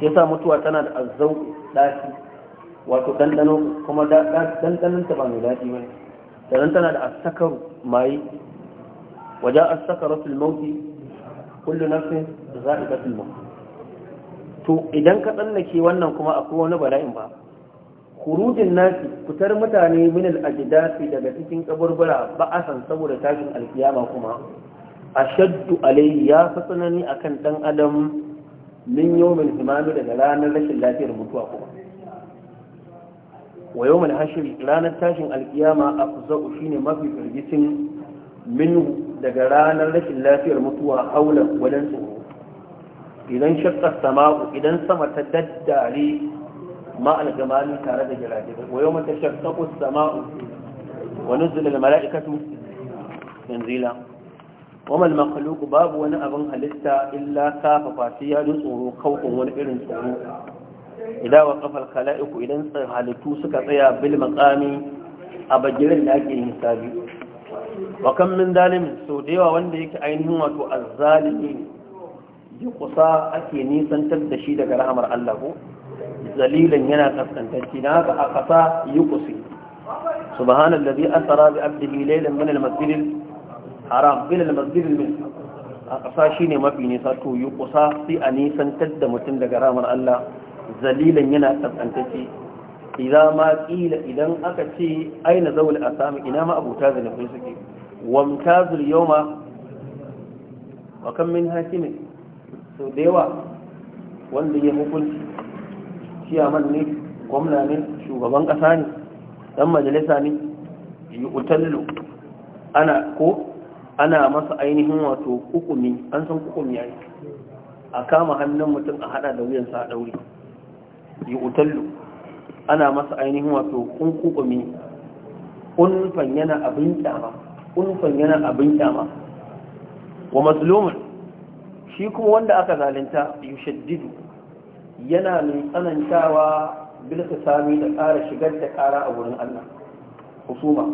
ya sa mutuwa tana da azzau ɗaci wato dandano kuma ɗanɗanon ta ba mai daɗi ba sannan tana da asakar maye wajen asakar rasul mauti kullu nafsin za'iqatul maut to idan ka tsallake wannan kuma akwai wani bala'in ba khurujin nasi fitar mutane min al-ajdasi daga cikin kaburbura ba'asan saboda tashin alkiyama kuma ashaddu alaihi ya fi tsanani akan dan adam min yawmin himami daga ranar rashin lafiyar mutuwa kuma wa yau mai hashiri ranar tashin alkiyama a fuza'u shi ne mafi firgitin minhu daga ranar rashin lafiyar mutuwa haula wadan tsoro idan shakkar sama'u idan sama ta daddare ma'al gamani tare da jiragen wa yau mata shakkaku sama'u wani nuzulul mala'ikatu yanzila wama al-makhluq babu wani abin halitta illa kafa fasiya don tsoro kaukun wani irin tsoro idan wa kafal khala'iku idan halittu suka tsaya bil maqami a bagirin da ake hisabi wa kan min zalimin so da yawa wanda yake ainihin wato a azzalimi ya kusa ake nisantar da shi daga rahamar Allah ko zalilan yana kaskantacci na haka a kasa yi kusi subhanallazi asara bi abdihi laylan min al-masjidil haram ila al-masjidil min a kasa shine mafi nisa to yi kusa sai a nisantar da mutum daga rahamar Allah zalilan yana tsantsantace idan ma kila idan aka ce aina zawul asami ina ma abuta zalafai suke wamtazul yawma wa kam min hakim so da wanda ya hukunci ciyaman ne gwamna ne shugaban kasa ne dan majalisa ne yuqtallu ana ko ana masa ainihin wato hukumi an san hukumi yayi a kama hannun mutum a hada da sa a daure yu'tallu ana masa ainihin wato kunkumi unfan yana abin kyama unfan yana abin kyama wa mazlumin shi kuma wanda aka zalunta yushaddidu yana mai tsanantawa bil sami da ƙara shigar da ƙara a wurin Allah husuma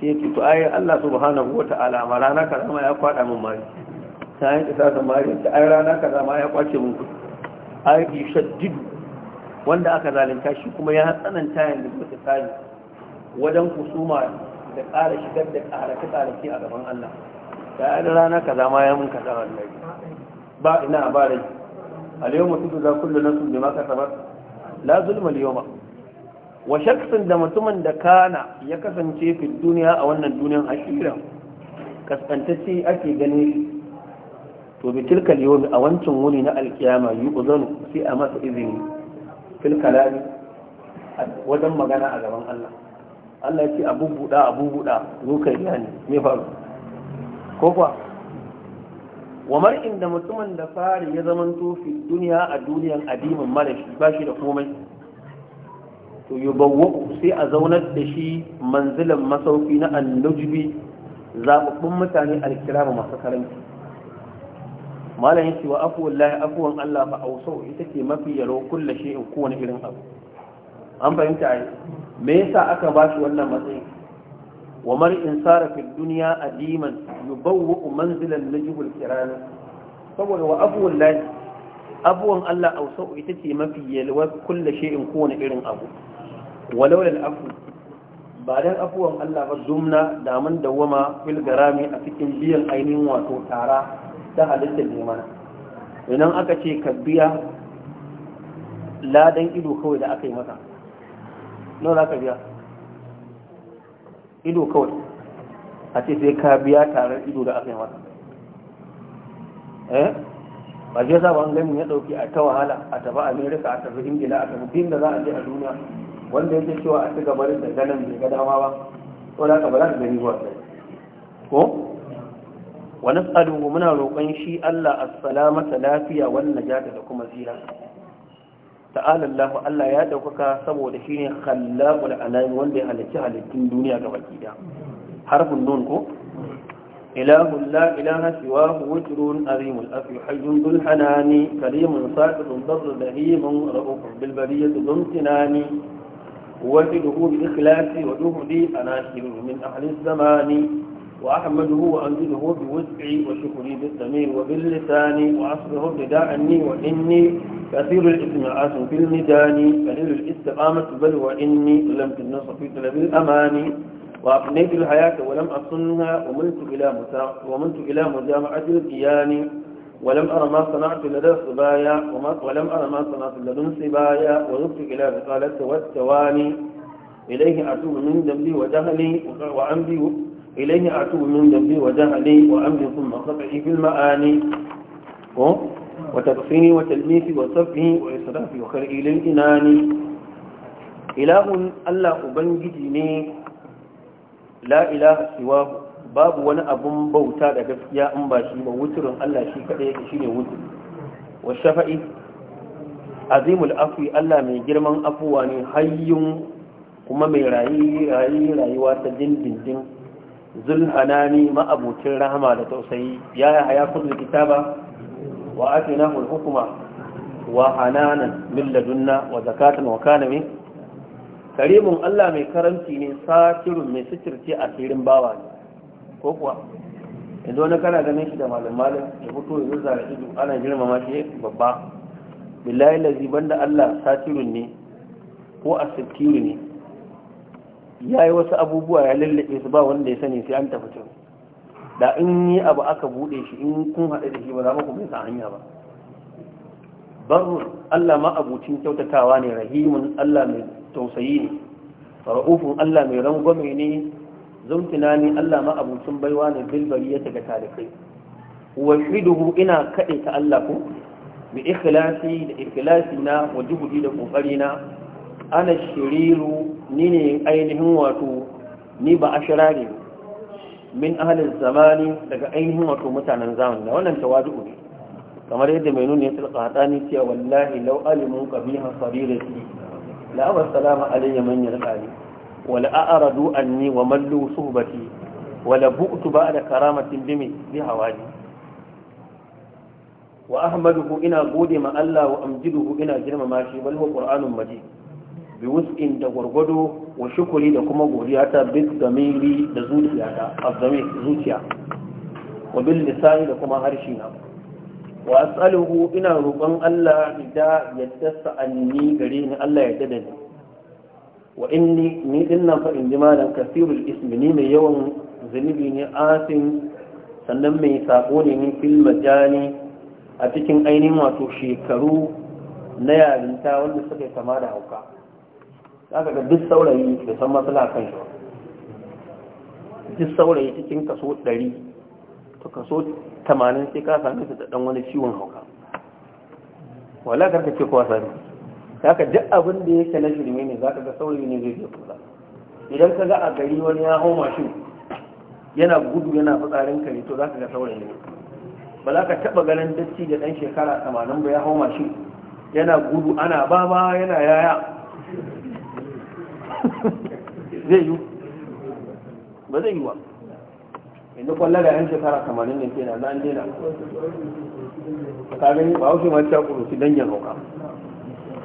sai yake to ai Allah subhanahu Ta'ala ma rana kaza ya kwada min mari sai yake sa mari ai rana kaza ya kwace min kudi ai yushaddidu wanda aka zalunta shi kuma ya tsananta yanzu suka tsari wajen kusuma da ƙara shigar da ƙarake ƙarake a gaban Allah da ya rana kaza ma ya mun kaza wallahi ba ina ba rai al-yawma tujza kullu nafsin bima ba. la zulma al-yawma wa shakhsin da mutumin da kana ya kasance fi duniya a wannan duniyan ashirin kaskantacce ake gani to bi tilka al a wancan wuni na al-qiyama yu'zanu sai a masa izini fil kalami wajen magana a gaban Allah Allah ya ce abu buɗa abu buɗa zo kai ne me faru ko kuwa wa mar'in da mutumin da fari ya zama tofi duniya a duniyan adimin marashi ba shi da komai to yi sai a zaunar da shi manzilan masauki na annujbi zaɓaɓɓun mutane alkirama masu karanci malam yake wa afu wallahi afuwan Allah fa ausau ita ce mafi yaro kullu shay'in kowane irin abu an fahimta ai me yasa aka ba shi wannan matsayi wa mar sara fi dunya adiman yubawwa manzilan najibul kiran saboda wa afu wallahi abuwan Allah ausau ita ce mafi yalwa kullu shay'in kowane irin abu walau da afu ba dan afuwan Allah ba dumna da mun dawama fil garami a cikin biyan ainihin wato tara ta halittar ne mana idan aka ce ka biya ladan ido kawai da aka yi masa nawa za ka biya ido kawai a ce sai ka biya tarar ido da aka yi masa eh ba shi yasa ban gani ya dauki a ta wahala a tafi america a tafi ingila a tafi da za a je a duniya wanda yake cewa a ci gabarin da ganin bai ga dama ba ko da ka ba za ka gani ba ko wa nas'aluhu muna roƙon shi Allah as-salamata lafiya wan najata da kuma zira ta'ala Allah Allah ya daukaka saboda shine khallaqul alam wanda ya halicci halittun duniya gaba kida harfun nun ko ilahul la ilaha siwahu wajrun azimul afi hayyun dhul hanani karimun saqidun darr dahimun ra'ufun bil bariyati dhum tinani wajiduhu bi ikhlasi wa juhdi anasirun min ahli zamani وأحمده وأنزله بوسعي وشكري بالضمير وباللسان بداء أني وإني كثير الإسماعات في الميدان قليل الاستقامة بل وإني لم تنص في طلب الأماني وأقنيت الحياة ولم أصنها ومنت إلى ومنت إلى مجامعة الكيان ولم أرى ما صنعت لدى الصبايا ولم أرى ما صنعت لدى الصبايا وذبت إلى بقالة والتواني إليه أتوب من ذنبي وجهلي وعندي ilayya a tuhu min dambe wa jahale wa amdin sun masaka ifin ma'ani ko wata tafini wa talmisi wa sabbi wa isra'afi wa ilin ina ne allah ubangiji ne la'ila siwa babu wani abun bauta da gaskiya an bashi shi ba wuturin allah shi kaɗai shi ne wutu wa shafa'i azimul afi allah mai girman afuwa ne hayyun kuma mai rayuwa ta dindindin. zulhanani ma'abucin rahama da tausayi ya ya haya kudu kitaba wa atina na hukuma wa hananan min wa zakatan wa kana karimun Allah mai karanci ne satirun mai sitirce a firin bawa ne ko kuwa yanzu wani kana ganin shi da malam malam ya fito yanzu zara ido ana girmama shi eh, babba billahi lazi banda Allah satirun ne ko asikiru ne ya yi wasu abubuwa ya lallaɓe su ba wanda ya sani sai an tafi can da in yi abu aka buɗe shi in kun haɗe da shi ba za mu kuma sa hanya ba barun Allah ma abucin kyautatawa ne rahimun Allah mai tausayi ne ra'ufun Allah mai rangwame ne zumtina ne Allah ma abucin baiwa ne bilbari ya taga talikai wa shiduhu ina kaɗe ta Allah ku bi ikhlasi da ikhlasi na wa juhudi da kokari na ana shiriru ni ne ainihin wato ni ba ashira ne min ahalin zamani daga ainihin wato mutanen zamani wannan tawadu'u ne kamar yadda mai nuna ya tilka hadani cewa wallahi law alimun qabiha sarirati la aba salama alayya man yarqani wal a'radu anni wa mallu suhbati wala bu'tu ba'da karamatin bimi bi ne. wa ahmaduhu ina gode ma Allah wa amjiduhu ina girmama shi bal huwa qur'anun majid bi wus'in da gwargwado wa shukuri da kuma godiya ta bit zamiri da zuciya ta azami zuciya wa bil lisani da kuma harshe na wa as'aluhu ina roƙon Allah da yadda sa'anni gare ni Allah ya dada ni wa inni ni dinnan fa in da kasirul ismi ni mai yawan zunubi ne asin sannan mai sako ne ni fil majani a cikin ainihin wato shekaru na yarinta wanda suka kama da hauka za ga duk saurayi da san matsala kan shi duk saurayi cikin kaso ɗari to kaso tamanin sai ka sami su da dan wani ciwon hauka wala ka ce kowa sani za ka duk abin da yake na shirme ne za ka ga saurayi ne zai je kula idan ka ga a gari wani ya hau mashin yana gudu yana fitsarin kare to za ka ga saurayi ne ba za ka taɓa ganin dacci da ɗan shekara tamanin ba ya hau mashin yana gudu ana ba ba yana yaya zai yi ba zai yi wa inda kwallo da yan shekara tamanin ne kenan za an daina ta gani ba wasu mace kuru su danyen hauka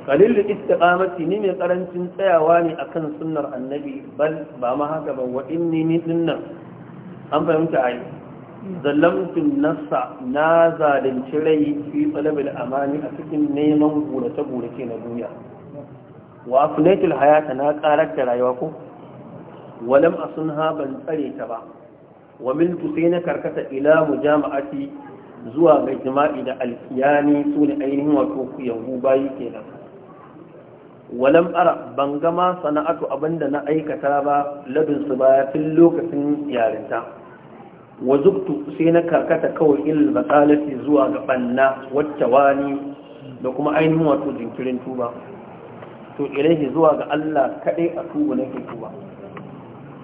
kalil istiqamati ni mai karancin tsayawa ne akan sunar annabi bal ba ma haka ba wa ne ni dinnan an fahimta yi zallamtun nasa na zalunci rai fi talabil amani a cikin neman ta gura ke na duniya wa aflaitul hayata na karar da rayuwa ko walam asunha ban tsare ta ba wa milku sai na karkata ila mujama'ati zuwa ga jima'i da alkiyani su ne ainihin wato yahu bayi kenan walam ara ban gama sana'atu abinda na aikata ba ladun su baya tun lokacin yarinta wa zuktu sai na karkata kawai ilil matsalati zuwa ga banna wacce wani da kuma ainihin wato jinkirin tuba to ilaihi zuwa ga Allah kadai a tuba na tuba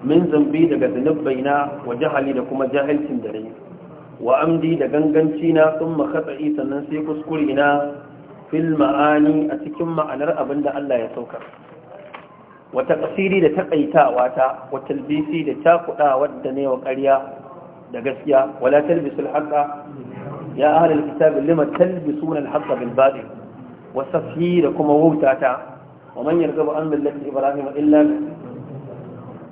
min zambi daga na, wa jahali da kuma jahilcin da rai wa amdi da ganganci na sun makatsa'i sannan sai kuskure na fil ma'ani a cikin ma'anar abin da Allah ya saukar wata kasiri da takaitawa ta wa talbisi da cakuɗa wadda ne wa ƙarya da gaskiya wala talbisul haqa ya ahlul kitab lima talbisuna al-haqqa bil batil wa safi da kuma wutata wa man yarghabu an millati ibrahim illa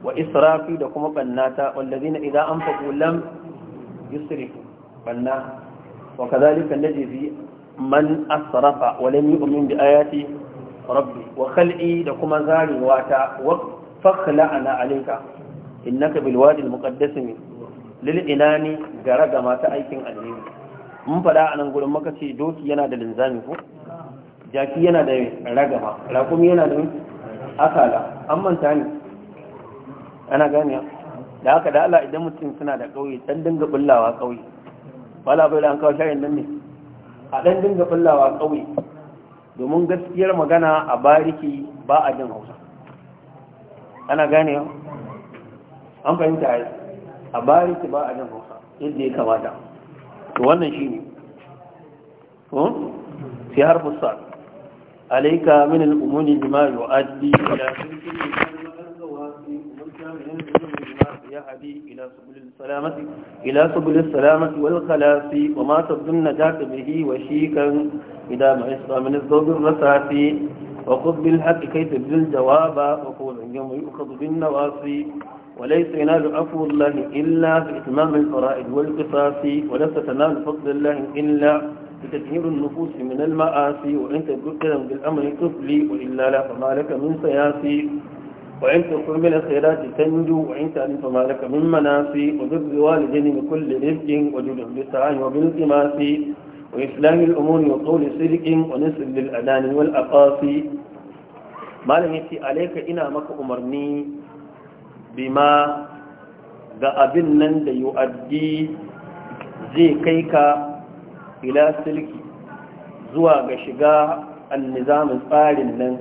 wa israfi da kuma bannata wallazina an anfaqu lam yusrifu banna wa kadhalika najzi man asrafa wa lam yu'min bi ayati rabbi wa khal'i da kuma zarewa ta wa fakhla'ana alayka innaka bil wadi al muqaddas lil inani gara ga mata aikin alheri mun faɗa a nan gurin maka ce doki yana da linzami ko jaki yana da ragama rakumi yana da akala an manta ne ana gani da haka da ala idan mutum suna da kauye dan dinga bullawa kauye bala bai da an kawo shayin nan ne a dan dinga bullawa kauye domin gaskiyar magana a bariki ba a jin hausa ana gane an fahimta ya a bariki ba a jin hausa yadda ya kamata to wannan shi ne sai har sa'ad عليك من الأمور بما يؤدي إلى يهدي إلى سبل السلامة إلى سبل السلامة والخلاص وما تبدو النجاة به وشيكا إذا ما يسرى من الزوج الرساسي وخذ بالحق كي تبدو الجواب وقول يوم يؤخذ بالنواصي وليس ينال عفو الله إلا بإتمام الفرائض والقصاص ولست تنال فضل الله إلا تطهير النفوس من المآسي وإن تذكرهم بالأمر تفلي وإلا لا فما لك من سياسي وإن تكن من الخيرات تنجو وإن تعلم فما لك من مناسي وذب والدين بكل رزق وجود بالسعي وبالتماسي وإسلام الأمور وطول سلك ونسر للأدان والأقاصي ما لم يتي عليك إنا مك أمرني بما ذا أبنا ليؤدي زي كيكا ila silki zuwa ga shiga annizamin tsarin nan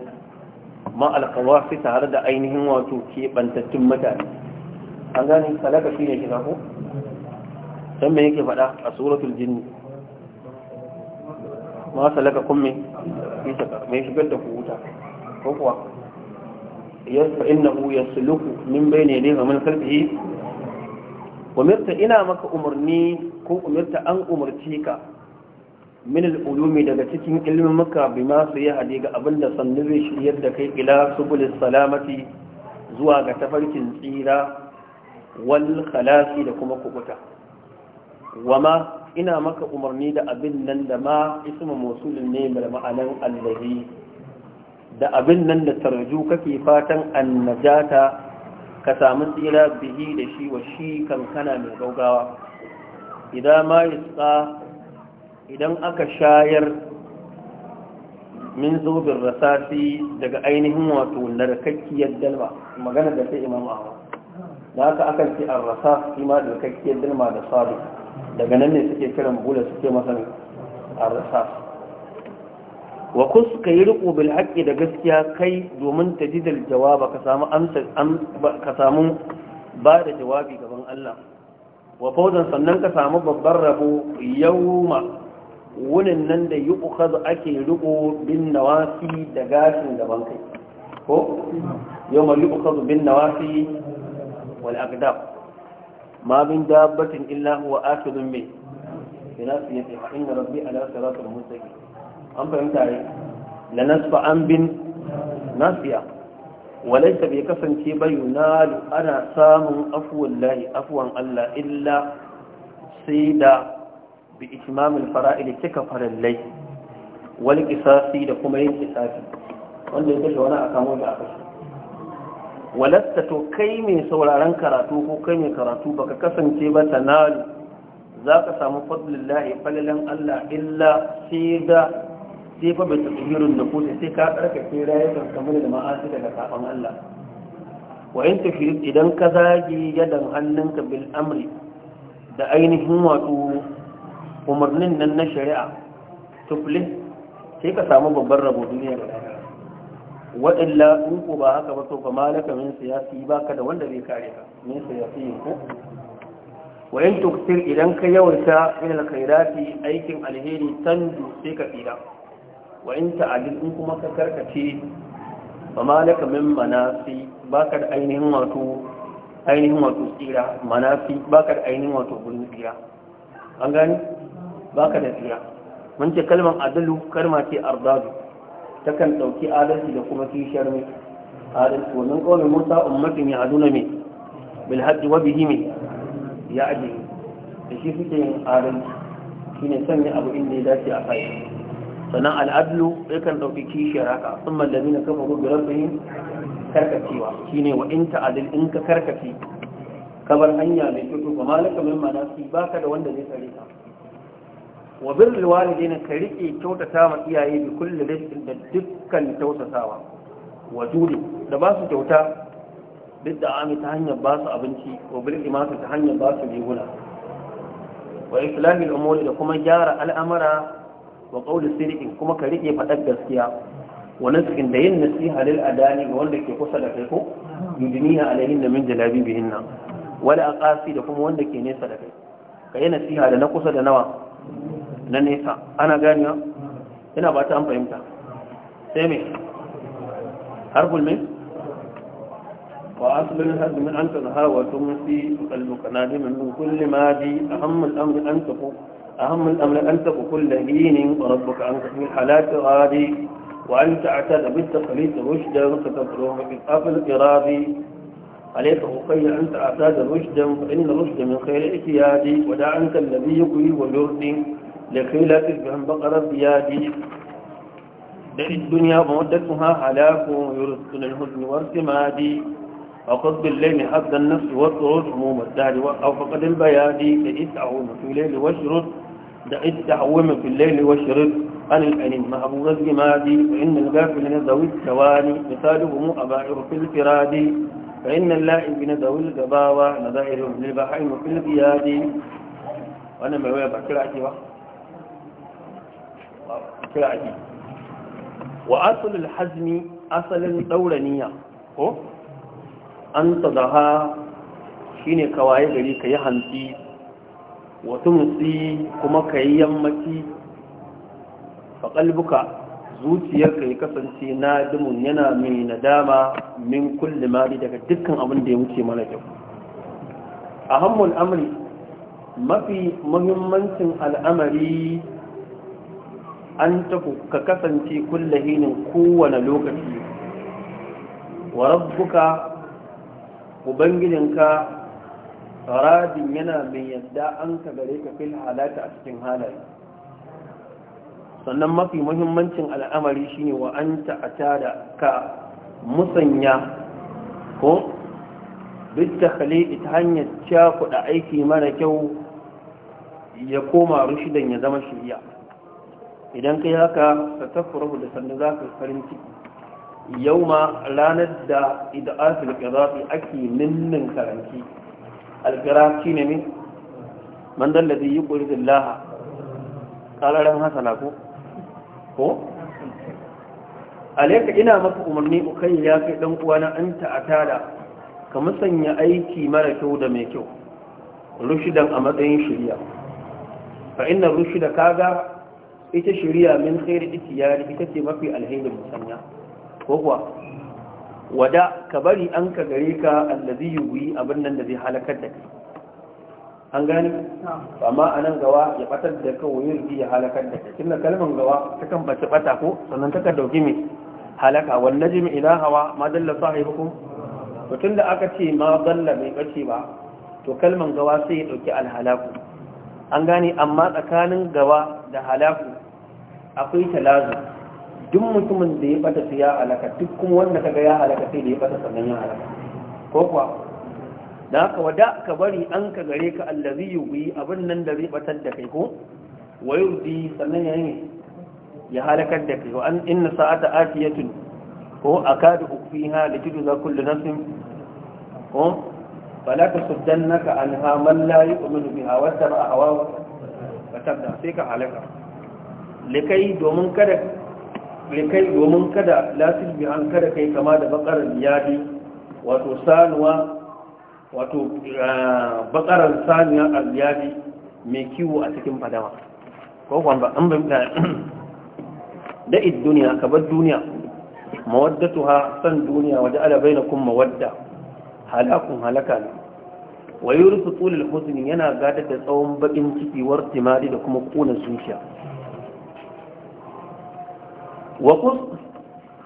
ma alkawafi tare da ainihin wato keɓantattun mutane an gani talaka shi ne shiga ko don me yake faɗa a suratul jinni ma salaka kun me mai shigar da ku wuta ko kuwa yasfa innahu yasluku min bayni yadayhi wa min khalfihi umirta ina maka umarni ko umirta an umarci ka min ulumi daga cikin ilmin maka bima masu yi hade ga abin da sannu zai shiryar da kai ila subulis salamati zuwa ga tafarkin tsira wal khalasi da kuma kubuta wama ina maka umarni da abin nan da ma ismu Musulun ne mai ma'anan allahi da abin nan da tarju kake fatan annajata ka samu tsira bihi da shi wa shi kankana mai gaugawa idan ma yasqa idan aka shayar min zobin rasasi daga ainihin wato narkakkiyar dalma magana da ta imam awa da haka akan ce a rasa shi ma narkakkiyar dalma da sabi daga nan ne suke kiran bula suke masa a rasa wa kus ka yi riko bil haƙƙi da gaskiya kai domin ta ji jawaba ka samu ka samu ba da jawabi gaban Allah wa faudan sannan ka samu babban rabo yau ma. wunin nan da yi ukazu ake riko bin nawafi da gashin gaban kai ko yau ma yi ukazu bin nawafi wani agdab ma bin dabbatin illa huwa akidun mai ina su yake haɗin da rabbi ala siratul mustaqim an fahimta ne na nasfa an bin nasiya walaita bai kasance ba yunalu ana samun afuwan lahi afuwan Allah illa sai da bi itimamul fara'il cika farallai wal qisasi da kuma yin qisasi wanda ya kashe wani a kamo da aka walasta to kai mai sauraron karatu ko kai mai karatu baka kasance ba za ka samu fadlillahi falalan Allah illa sai da sai fa bai da kusa sai ka karkace rayuwar kamar da ma'asi daga kafan Allah wa in tafirik idan ka zagi yadan hannunka bil amri da ainihin wato umarnin nan na shari'a tuflih sai ka samu babban rabo duniya da lahira wa'illa in ko ba haka ba to fa malaka min siyasi ka da wanda zai kare ka min siyasi ko wa in tuktir idan ka yawaita min alkhairati aikin alheri tanju sai ka tsira wa'yan in ta'adil in kuma ka karkace fa malaka min manasi ka da ainihin wato ainihin wato tsira manafi ka da ainihin wato gurin tsira an gani baka da tsira mun ce kalmar adalu karma ce ardadu takan ɗauki adalci da kuma kishiyar mai adalci wannan kawai musa ummatin ya aduna mai bil haqqi wa bihi mai ya aje da shi suke yin adalci Shi ne sanya abu inda ya dace a kai sannan ya kan ɗauki kishiyar haka sun mallami na kafa rubu rabbihim karkacewa Shi ne wa in ta'adil in ka karkace kabar hanya mai kyau to kuma laka min manasi baka da wanda zai tsare ka wa bin na ka riƙe kyautata ma iyaye bi kulli rizqin da dukkan kyautatawa wa juri da ba su kyauta duk da ami ta hanyar ba su abinci wa bil masu ta hanyar ba su riguna wa islamil umuri da kuma gyara al'amara wa qawli sirrin kuma ka riƙe faɗar gaskiya wa naskin da yin nasiha lil adani ga wanda ke kusa da kai ko yudiniha alayhin da min jalabibihinna wani aqasi da kuma wanda ke nesa da kai ka yi nasiha da na kusa da nawa na nesa ana ganiya ina ba ta an fahimta sai mai harful mai وأصل الهدم من أن تظهر وتمسي قلبك نادما من كل ما دي أهم الأمر أن تقو أهم الأمر أن تقو كل هين وربك أن تحمل حالات غادي وأن تعتد بالتقليد رشدا وتتبروه بإطاف الإرادي عليك أخي أنت أعتاد رشدا فإن الرشد من خير اعتيادي ودع أنت الذي يقوي ويرضي لكي لا تذبهم بقرة بيادي دعي الدنيا مودتها هلاك ويرسل الهزن والسماد وقد بالليل حد النفس والطرود هموم الدهر أو فقد البيادي دعي التعويم في الليل واشرد دعي التعويم في الليل واشرد أن الأنين مهبوب الزمادي فإن الغافلين ذوي الثواني مثالهم أبائر في الفرادي فإن اللائبين ذوي الجباوة نظائرهم للبحر في البياد وأنا معوية بعد وقت kira wa asalin hazmi asalin ɗauraniya, niyya ko an ha shi ne kawaye gari ka yi hantsi wata mutsi kuma ka yi yammaci faƙalbuka zuciyarka ya kasance na dumin yana mai nadama min kulle mari daga dukkan abin da ya wuce mana kyau a hammun amri mafi muhimmancin al'amari an tafi ka kasance kulla hinin kowane lokaci wa rabbuka ubangijinka radin yana mai yadda an ka gare ka fil halata a cikin halaye sannan mafi muhimmancin al'amari shine wa an ta'ata da ka musanya ko duk da khali'i ta hanyar cakuɗa aiki mara kyau ya koma rushidan ya zama shirya idan kai haka ka tafura da sanda za ka farin ciki yau ma ranar da ida'atul alƙirafi ake ninnin karanci al-qiraf shine ne man yi ƙuri da laha. ƙararren hasana ko ko alaika ina mafi umarni ukai ya kai dan uwana an da ka musanya aiki mara kyau da mai kyau rushidan a matsayin shirya fa'in inna rushida kaga ita shari'a min khairi itiyari ita ce mafi alherin musanya ko kuwa wada ka bari an ka gare ka allazi yuwi abin nan da zai halakar da kai an ba ma a nan gawa ya batar da kawai yurgi ya halakar da kai tunda kalman gawa ta kan bace bata ko sannan ta kan dauki mai halaka wal najmi ila hawa ma dalla sahibukum to tunda aka ce ma dalla bai bace ba to kalman gawa sai ya dauki alhalaku an gane amma tsakanin gawa da halaku akwai talazu duk mutumin da ya bata su ya alaka duk kuma wanda ga ya alaka sai da ya bata sannan ya halaka ko kuwa da haka wada ka bari an ka gare ka allazi yubi abin nan da zai batar da kai ko wa yurdi sannan ya yi ya halakar da kai wa an inna sa'ata atiyatun ko akadu ukfiha litujza kullu nafsin ko فلا تصدنك عنها من لا يؤمن بها واتبع هواه فتبدا فيك عليك likai domin kada likai domin kada lasil bi an kada kai kama da bakarar yadi wato sanuwa wato ah, bakarar saniya al-yadi mai kiwo a cikin fadama ko kwan ba an bambita da duniya ka bar duniya ha san duniya waje ala bainakum mawadda halakun halaka ne wa yurisu tulul husni yana gadar da tsawon bakin ciki war timadi da kuma kuna zuciya wa kus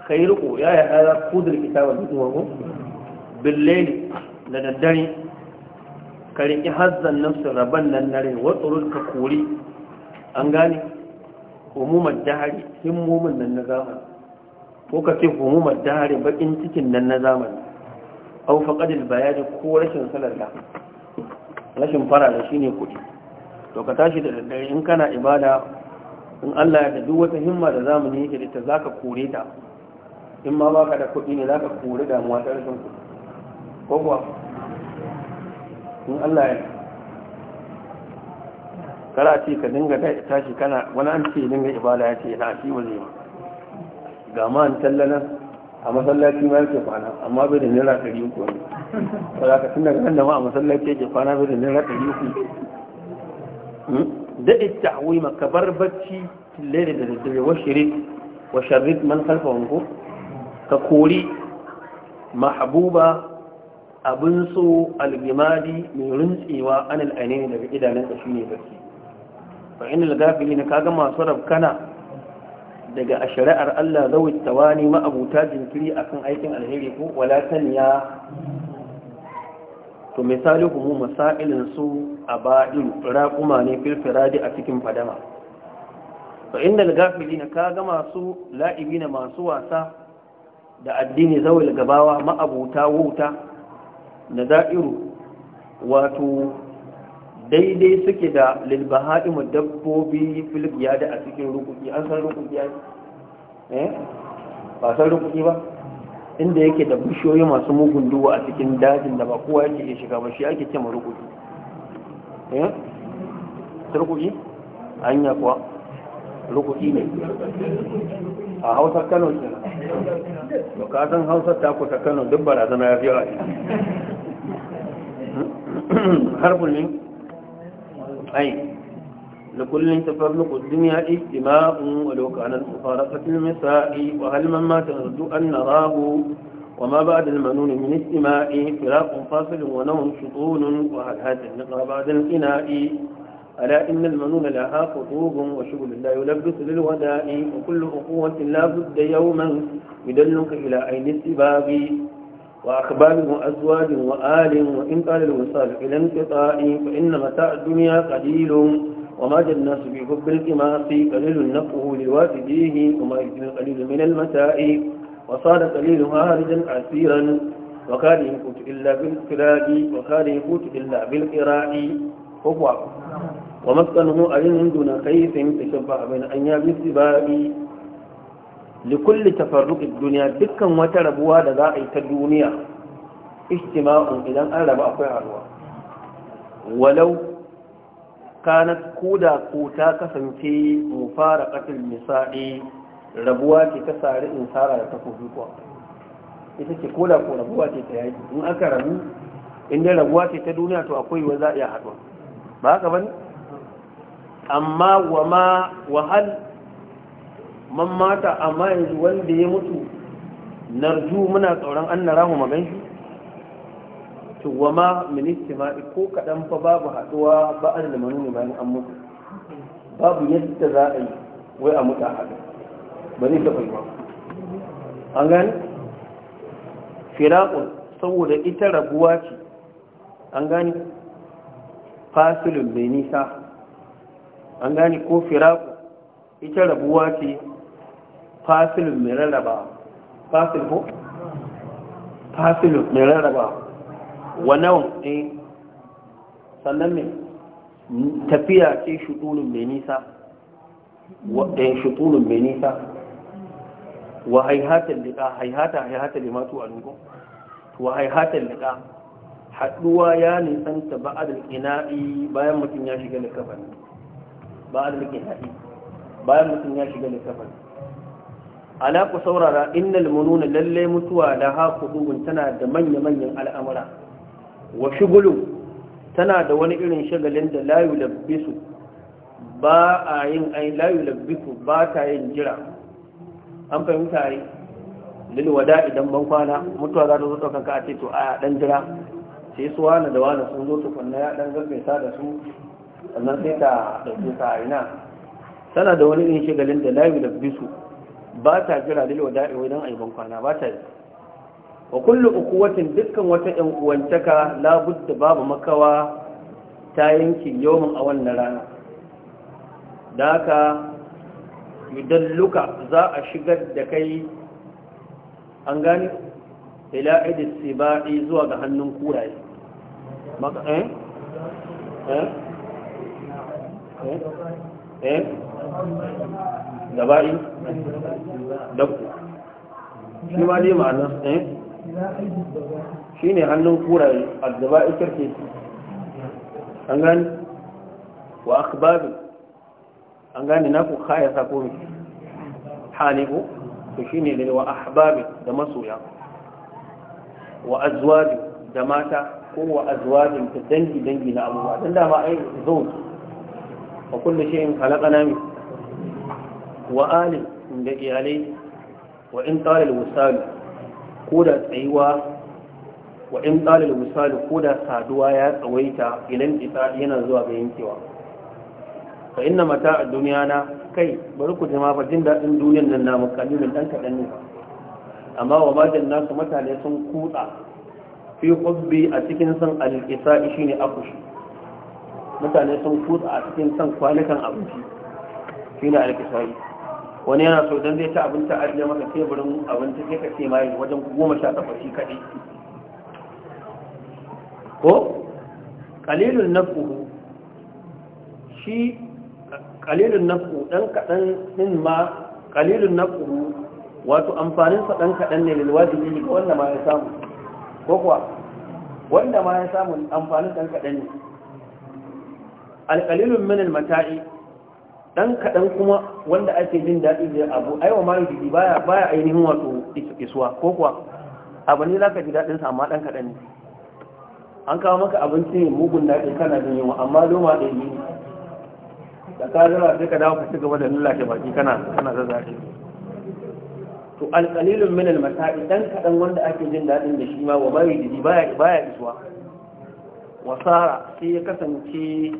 khairuku ya ya hada kudur kitaba da kuma ku billahi da daddare ka riƙi hazzan nafsu rabban nan nare wa tsurul ka kori an gane humumar dahari himmumin nan na zamani ko ka ce humumar dahari bakin cikin nan na zamani au faƙadil bayani ko rashin salalla rashin fara shine kuɗi to ka tashi da daddare in kana ibada in Allah ya duk wata himma da zamani yake da ta ka kore ta in ma ba ka da kuɗi ne za ka kore damuwa ta rashin kuɗi ko kuwa in Allah ya kara ce ka dinga tashi kana wani an ce dinga ibada ya ce na shi waje ga ma an tallana a masallaci ma yake kwana amma bai da naira ɗari uku ne ba za ka tun daga nan da ma a masallaci yake kwana bai da naira ɗari uku hmm? daɗe ta'awima ka bar bacci lere da daddare wa shirik man kalfa wanko ka kori mahabuba abin so algimadi mai rintsewa an al'ainihi daga idanun ƙashi ne barci ba ina lagafi ne kaga masu rabkana daga a shari'ar Allah zawai tawani ma'abuta jinkiri akan aikin alheri ko walatan ya to misali kuma masailin su a baɗin raƙuma ne filfiradi a cikin fadama ba inda gafili na kaga masu la'ibi na masu wasa da addini zawal gabawa ma'abuta wuta na za'iru wato daidai suke da ma dabbobi filfiya da a cikin rukuki an san rukuki eh ba san rukuki ba inda yake da bishiyoyi masu mugun duwa a cikin dajin da ba kowa yake shiga ba shi ake ce ma rukuki eh turkuki kuwa ne a hausa kano ka san ta kusa kano duk barazana ya fi yawa hmm? harfin ne ai تفرق الدنيا اجتماع ولو كانت مفارقة المساء وهل من مات نرجو أن نراه وما بعد المنون من استماع فراق فاصل ونوم شطول هذا النقى بعد الإناء ألا إن المنون لها خطوب وشغل لا يلبس للوداء وكل أخوة لا بد يوما يدلك إلى عين السباب وأخبار وأزواج وآل وإن قال الوصال إلى انقطاع فإن متاع الدنيا قليل وما الناس بحب القماص قليل نقه لوافديه وما يجني القليل من المتائب وصار قليل هارجا عسيرا وكان يموت إلا بالقراء وكان يموت إلا بالقراء هو ومسكنه أين دون كيف تشبع بين أنياب السباب لكل تفرق الدنيا دكا وتربوا لذائي الدنيا اجتماع إذا أعلم أخوة عدوى ولو كانت كودا كوتا كسنتي مفارقة المساعي rabuwa ke ta sari in tsara da takobi kuwa ita ce koda ko rabuwa ce ta yaki in aka rabu inda rabuwa ce ta duniya to akwai wani za a iya haɗuwa ba haka ba ne amma wa ma wahal man mata amma yanzu wanda ya mutu narju muna tsoron an na rahu magan shi to wa ma ministi ma'i ko kaɗan fa babu haɗuwa ba an da manuni bayan an mutu babu yadda za a yi wai a mutu a haɗu ba zai taɓa yi ba an gani firaƙun saboda ita rabuwa ce an gani fasilin mai nisa an gani ko firaƙun ita rabuwa ce fasilin mai rarraba fasil ko? fasilin mai rarraba wanawan ɗin eh. sannan mai tafiya ce shuɗulun mai nisa wa ɗaya eh, shuɗulun mai nisa wa haihatan liqa haihata haihata limatu anukum wa haihatan liqa haduwa ya nisanta ba'ad al-qina'i bayan mutum ya shiga likafan ba'ad al-qina'i bayan mutum ya shiga likafan ala ku saurara innal mununa lalle mutuwa da haqudun tana da manya-manyan al'amura wa shugulu tana da wani irin shagalin da layu labbisu ba a yin ai layu labbisu ba ta yin jira an fahimta ai lil wada idan ban kwana mutuwa za ta zo ɗaukar ka a ce to a ɗan jira sai su wani da wani sun zo su tukunna ya ɗan sa da su sannan sai ta ɗauke ta aina tana da wani irin shigalin da layu da bisu ba ta jira lil wada idan a yi ban kwana ba ta yi wa uku, ukuwatin dukkan wata 'yan uwantaka da babu makawa ta yanki yawon a wannan rana da haka yudalluka za a shigar da kai an gani ila idis sibai zuwa ga hannun kuraye maka eh eh eh, eh? gaba'i dabku shi ma dai ma'ana eh shi ne hannun kuraye a gaba'i kirki an gani wa akhbabin an gane na ku kaya sa ko halibu to shine ne wa ahbabi da masoya wa azwaji da mata ko wa azwajin ta dangi dangi na abubuwa dan da ma ai zon wa kullu shay'in khalaqana min wa ali da iyalai wa in talal wasal ko da tsayuwa wa in talal wasal ko da saduwa ya tsawaita ilan ita yana zuwa ga yankewa fa inna mata a duniya na kai bari ku jama fa jin daɗin duniyan nan namu kalilin ɗan kaɗan ne amma wa bajin nasu mutane sun kuɗa fi hubbi a cikin san al'isa'i shine akushi mutane sun kuɗa a cikin san kwanukan abinci shine al'isa'i wani yana so dan zai ci abinci a ajiye maka teburin abinci sai ka ce mai wajen goma sha takwas shi kaɗai ko kalilun nafuhu shi kalilun nafku dan kadan din ma kalilun nafku wato amfanin sa dan kadan ne lil wajibi ga wanda ma ya samu ko kuwa wanda ma ya samu amfanin dan kadan ne al qalilun min al mata'i dan kadan kuma wanda ake jin dadi da abu aiwa ma yi baya baya ainihin wato isuwa ko kuwa abu ne zaka ji dadin sa amma dan kadan ne an kawo maka abinci mugun daɗi kana jin yunwa amma loma ɗaya ne da ka zama sai ka dawo ka ci gaba da lalace baki kana kana zazzafi to alqalilun min almasa'i dan kadan wanda ake jin dadin da shi ma wa bai didi baya baya isuwa wasara sai ya kasance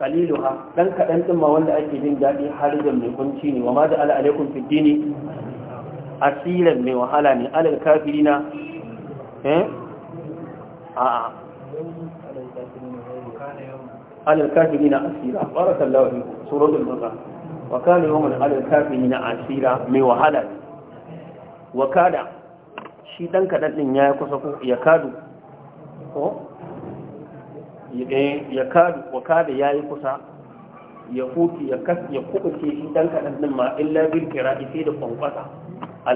kaliluha dan kadan din ma wanda ake jin dadi harijan mai kunci ne wa ma da ala alaikum fi dini asilan mai wahala ne alal kafirina eh a'a على الكافرين أسيرا بارك الله فيكم سورة البقرة وكان يوما على الكافرين أسيرا من وهلا وكاد shi dan kaɗan ɗin ya yi kusa ya huki shi kaɗan ɗin ma illa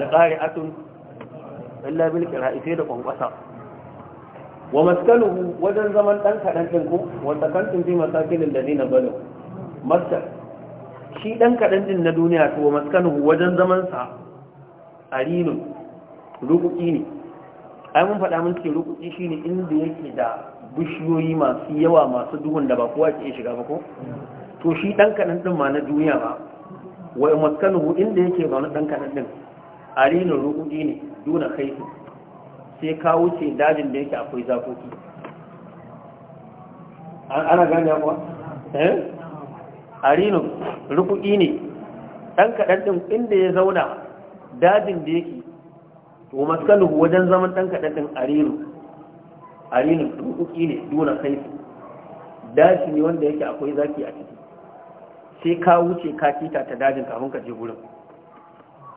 da atun illa da wa maskaluhu wajen zaman dan kadan din ku wanda kantum fi masakin alladhina balu maskal shi dan kadan din na duniya to maskaluhu wajen zaman sa arinun rukuki ne ai mun faɗa mun ce rukuki shine inda yake da bishiyoyi masu yawa masu duhun da ba kowa ke shiga ba ko to shi dan kadan din ma na duniya ba wa maskaluhu inda yake ba na dan kadan din arinun rukuki ne duna kaifi sai ka wuce dajin da yake akwai zakoki ana gane kuwa eh arino rukuki ne dan kadan din inda ya zauna dajin da yake to maskalu wajen zaman dan kadan din arino arino rukuki ne duna kai daji ne wanda yake akwai zaki a ciki sai ka wuce ka kita ta dajin kafin ka je gurin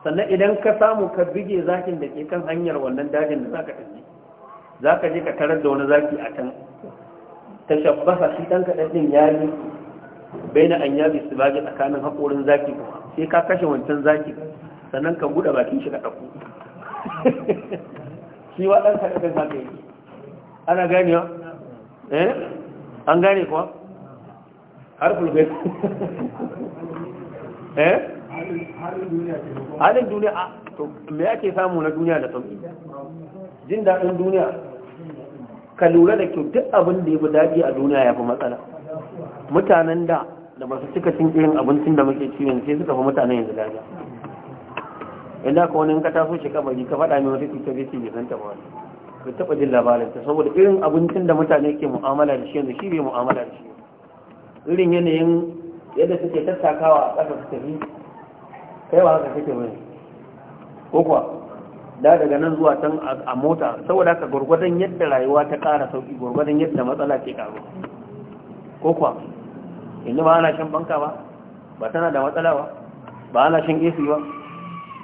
sannan idan ka samu ka bige zakin da ke kan hanyar wannan dajin da za ka tafi za ka je ka tarar da wani zaki a can ta shabbasa shi ɗan kaɗan ɗin ya yi bai na an yabi su baje tsakanin haƙorin zaki kuma sai ka kashe wancan zaki sannan ka buɗe bakin shi ka ɗauko shi wa ɗan kaɗan zaki yake ana gane wa eh an gane kuwa har fulbe eh halin duniya a to me ake samu na duniya da sauki jin daɗin duniya ka lura da kyau duk abin da ya fi daɗi a duniya ya fi matsala mutanen da da ba su cika cin irin abincin da muke ciwon sai suka fi mutanen yanzu daɗi inda ka wani ka taso shi kabari ka faɗa mai wata cikin zai ce zanta ba taɓa ka taɓa jin labarin ta saboda irin abincin da mutane ke mu'amala da shi yanzu shi bai mu'amala da shi irin yanayin yadda suke tattakawa a ƙasa su tafi kai ba haka kake mai ko kuwa da daga nan zuwa can a mota saboda ka gwargwadon yadda rayuwa ta ƙara sauki gwargwadon yadda matsala ke ƙaru ko kuwa inda ba ana shan banka ba ba tana da matsala ba ba ana shan AC ba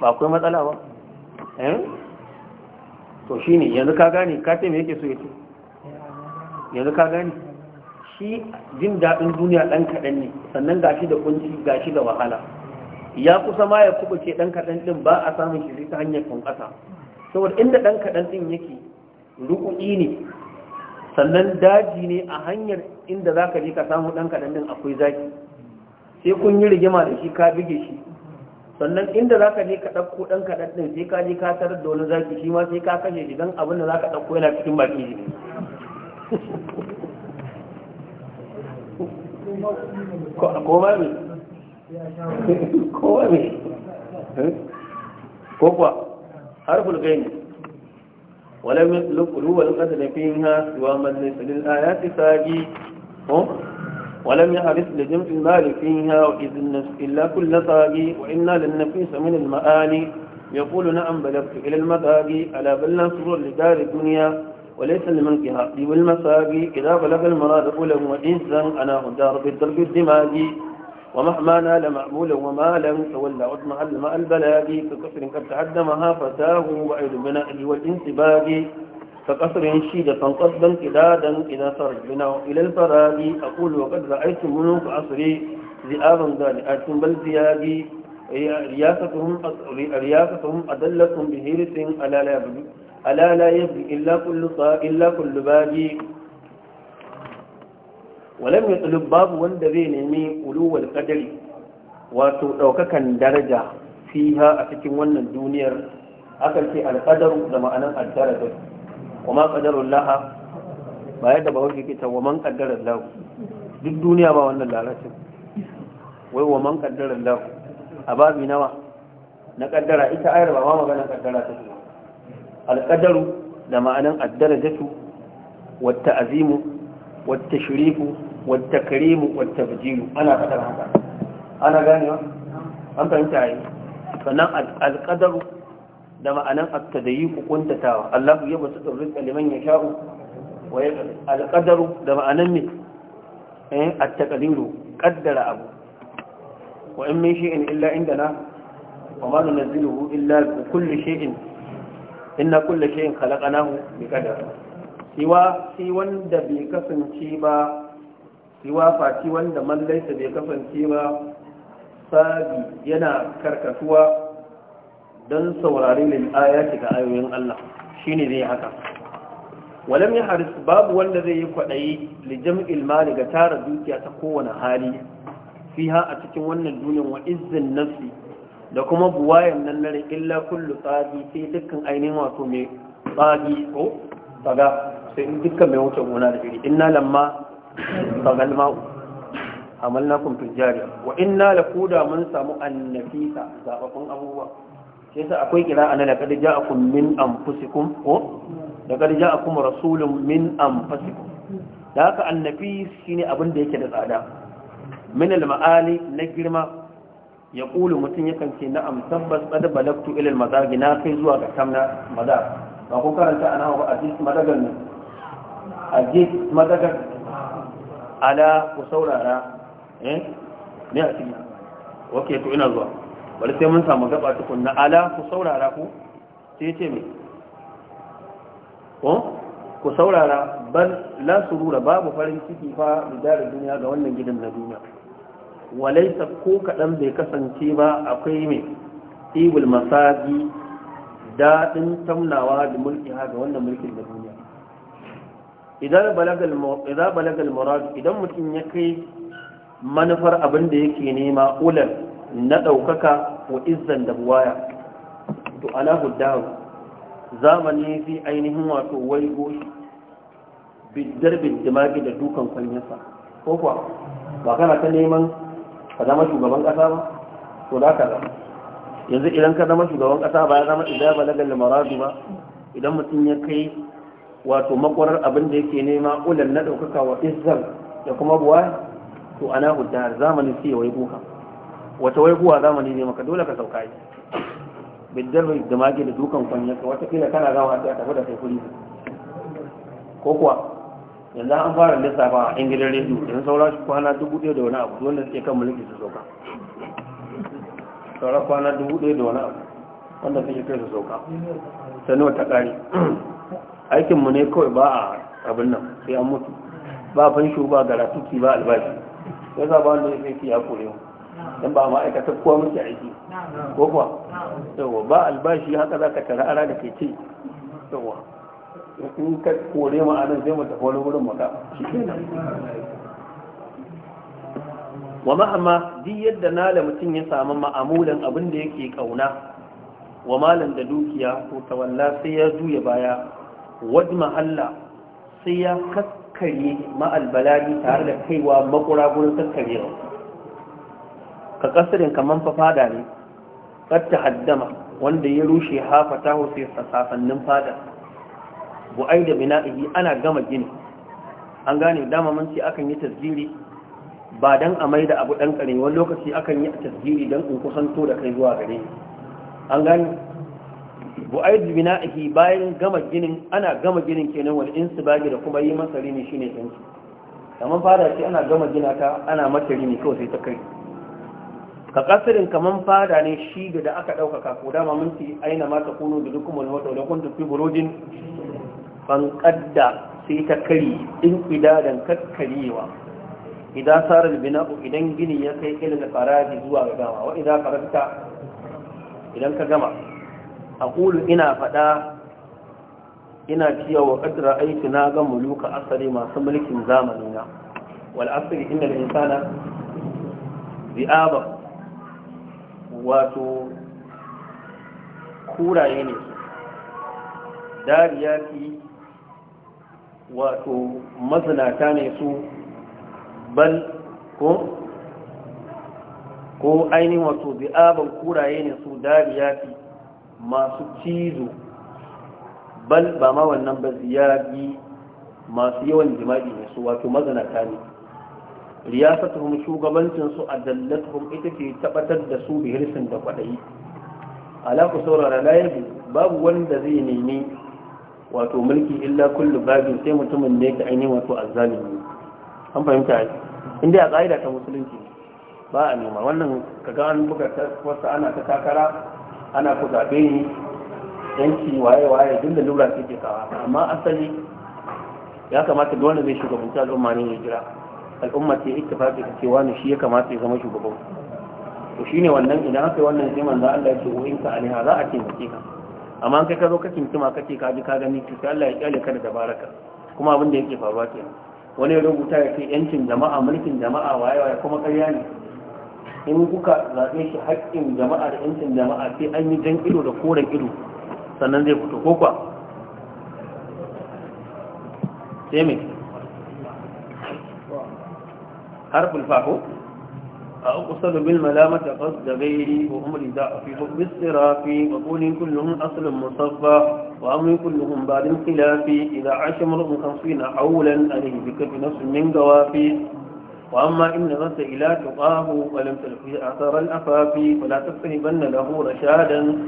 ba akwai matsala ba eh to shine yanzu ka gane ka ce me yake so ya yanzu ka gane shi jin daɗin duniya ɗan kaɗan ne sannan gashi da kunci gashi da wahala ya kusa ma ya ke ɗan kaɗan ɗin ba a samun shi ta hanyar tunƙasa saboda inda ɗan kaɗan ɗin yake rukuɗi ne sannan daji ne a hanyar inda za ka je ka samu ɗan kaɗan ɗin akwai zaki sai kun yi rigima da shi ka bige shi sannan inda za ka je ka ɗauko ɗan kaɗan ɗin sai ka je ka tarar da wani zaki shi ma sai ka kashe shi don abin da za ka ɗauko yana cikin baki ne ko ma mai kowa ne hmm? ko kuwa harful gaini ولم يخلقوا فيها سوى من ليس للآيات ساجي ولم يحرص لجمع المال فيها وإذ النفس إلا كل ساجي وإنا للنفيس من المآلي يقول نعم بلغت إلى المساجي ألا بلنا سرور لدار الدنيا وليس لمنكها ديب المساقي إذا بلغ المراد أولا وإنسا أنا هدار بالدرب الدماغي ومهما نال معمولا وما لم تولى واضمحل مع البلاغي ككسر قد تعدمها فتاه وعيد بناء والانسباق كقصر شيدة قصدا قدادا إذا سرج بنا إلى الفراغ أقول وقد رأيت ملوك عصري ذئابا ذالئات بل زيادي رياستهم رياستهم أدلتهم بهيرس ألا لا يبدو ألا لا يبدو إلا كل صا إلا كل باجي walam yutlub babu wanda zai nemi uluwal qadari wato daukakan daraja fiha a cikin wannan duniyar akan ce alqadaru da ma'anan addaraja kuma qadarullaha ba yadda ba wani kita wa man qaddara Allah duk duniya ba wannan lalacin wai wa man qaddara Allah a babi nawa na qaddara ita ayar ba ma magana qaddara ta alqadaru da ma'anan addarajatu wata azimu wata shirifu. wadda karimu wadda bijiru ana fadar haka ana wa an fahimta yi sannan alƙadaru da ma'anan akta da yi kukuntatawa Allah ya basu ɗaurin kaliman ya sha'u alƙadaru da ma'anan mai ɗayan attakaliru ƙaddara abu wa in min shi'in illa inda na wa ma nunazziluhu illa bi kulli shay'in inna kulli shay'in khalaqnahu bi qadar siwa si wanda bai kasance ba siwa Fati wanda mallaita bai kasance ba sabi yana karkatuwa don saurari lil ayati ga ayoyin Allah shine zai haka walam ya haris babu wanda zai yi kwaɗayi jam'il mali ga tara dukiya ta kowane hali fiha a cikin wannan duniyar wa izzin nafsi da kuma buwayan nan na illa kullu tsagi sai dukkan ainihin wato mai tsagi ko tsaga sai dukkan mai wuce gona da iri inna lamma fagal ma'u amalna kun tujjariya wa inna la kuda mun samu annafisa zababun abubuwa sai yasa akwai kira ana laqad ja'akum min anfusikum ko laqad ja'akum rasulun min anfusikum da haka annafis shine abin da yake da tsada min al-ma'ali na girma ya ƙulu mutum yakan ce na'am tabbas ƙada balaktu ilil mazagi na kai zuwa ga kamna maza ba kun karanta a nawa ajiyar madagar ne ajiyar ala ku saurara ne eh? a ciki ok to ina zuwa bari sai mun samu gaba tukun na ala ku saurara ku sai ce mai ku saurara bal la surura babu farin ciki fa bidar duniya ga wannan gidan na duniya walaisa ko kaɗan bai kasance ba akwai mai ibul masaji daɗin tamnawa da mulki ha ga wannan mulkin da duniya idan balagal murad idan mutum ya kai manufar abin da yake nema ular na ɗaukaka wa izan da buwaya to ala huddahu zamani fi ainihin wato wai goshi biddar biddimaki da dukan kwanyarsa ko kuwa ba kana ta neman ka zama shugaban ƙasa ba to da ka yanzu idan ka zama shugaban ƙasa ba ya zama idan balagal murad ba idan mutum ya kai wato makwarar abin da yake nema ulan na ɗaukaka wa izzar da kuma buwa to ana hudda zamanin sai ya waigo ka wata waiguwa zamani ne maka dole ka sauka yi biddar bai da mage da dukan wata kila kana gama ta tafi da kai kuri ko kuwa yanzu an fara lissafa a ingilar rediyo yanzu saura shi kwana dubu ɗaya da wani abu wanda suke kan mulki su sauka saura kwana dubu ɗaya da wani abu wanda suke kai su sauka sanuwa ta ƙari aikinmu ne kawai ba a abin nan sai an mutu ba fansho ba gara tuki ba albashi ya za ba wanda ya fi ya kore don ba aikata kuwa muke aiki ko kuwa yawa ba albashi haka za ka tara ara da ke ce yawa in ka kore mu anan sai mu tafi wani wurin maka wa ma'amma duk yadda nala mutum ya samu ma'amulan abin da yake kauna wa malam da dukiya ko tawalla sai ya juya baya wajma Allah sai ya kakkare ma'albalari tare da kaiwa makura gurin kakkarewa ka kasirin kamar fada ne ƙarta haddama wanda ya rushe hafa ta hussein sasannin fada bu'ai da bina'ihi ana gama gini an gane dama mun akan yi tasiri ba don a mai da abu ɗan ƙare wani lokaci akan yi tasiri don in kusanto da kai zuwa gare an gane bu'aid bina'ihi bayan gama ginin ana gama ginin kenan wal insibagi da kuma yi masa rini shine tsanci kamar fada ce ana gama gina ta ana mata rini kawai sai ta kai ka kasirin kamar fada ne shi da aka ɗaukaka ko dama minti aina ma ta kuno da dukkan wani wata wadakun tafi burojin ban kadda sai ta kari in idadan kakkarewa idan sarar bina'u idan gini ya kai da faraji zuwa gama wa idan faranta idan ka gama أقول ina فدا ina cewa وقد aiki na ملوك muluka asali masu mulkin zamanina إن الإنسان innal واتو كورا wato kuraye ne مزنا تانيسو wato mazinata ko ainihin wato bi'aban kuraye ne su dariya fi. masu cizo bal ba ma wannan ba ziyarabi masu yawan jima'i ne su wato mazanata ne riyasatuhum shugabancin su adallatuhum ita ce tabbatar da su bi hirsin da kwadayi ala ku saurara layabi babu wanda zai nemi wato mulki illa kullu babin sai mutumin da yake ainihin wato azzalimi an fahimta ai inda a ƙa'ida ta musulunci ba a nema wannan kaga an buga wasa, ana ta takara ana ku zaɓe ni yanki waye-waye duk da lura suke kawa amma asali ya kamata dole zai shugabanci al'umma ne ya jira al'umma ce ittifaqi ta cewa ne shi ya kamata ya zama shugaban to shine wannan idan aka yi wannan sai manzo Allah ya ce wa in ka za a ce ka amma kai ka zo ka kinkima kace ka ji ka gani to sai Allah ya kyale ka da kuma abin da yake faruwa kenan wani ya rubuta ya ce yancin jama'a mulkin jama'a waye-waye kuma ƙarya ne in kuka zaɓe shi haƙƙin jama'a da yancin jama'a sai an yi jan ido da koren ido sannan zai fito ko kwa sai mai harfin fako a uku salumin malamata ƙas da gairi wa umari da a fi bisira fi makonin kullum asalin musabba wa amurin kullum balin filafi idan ashe mulkin kansu yana aulan a da hibikar nasu min gawafi وأما إن نظرت إلى تقاه ولم تلقي أثر الأفافي فلا تقتربن له رشادا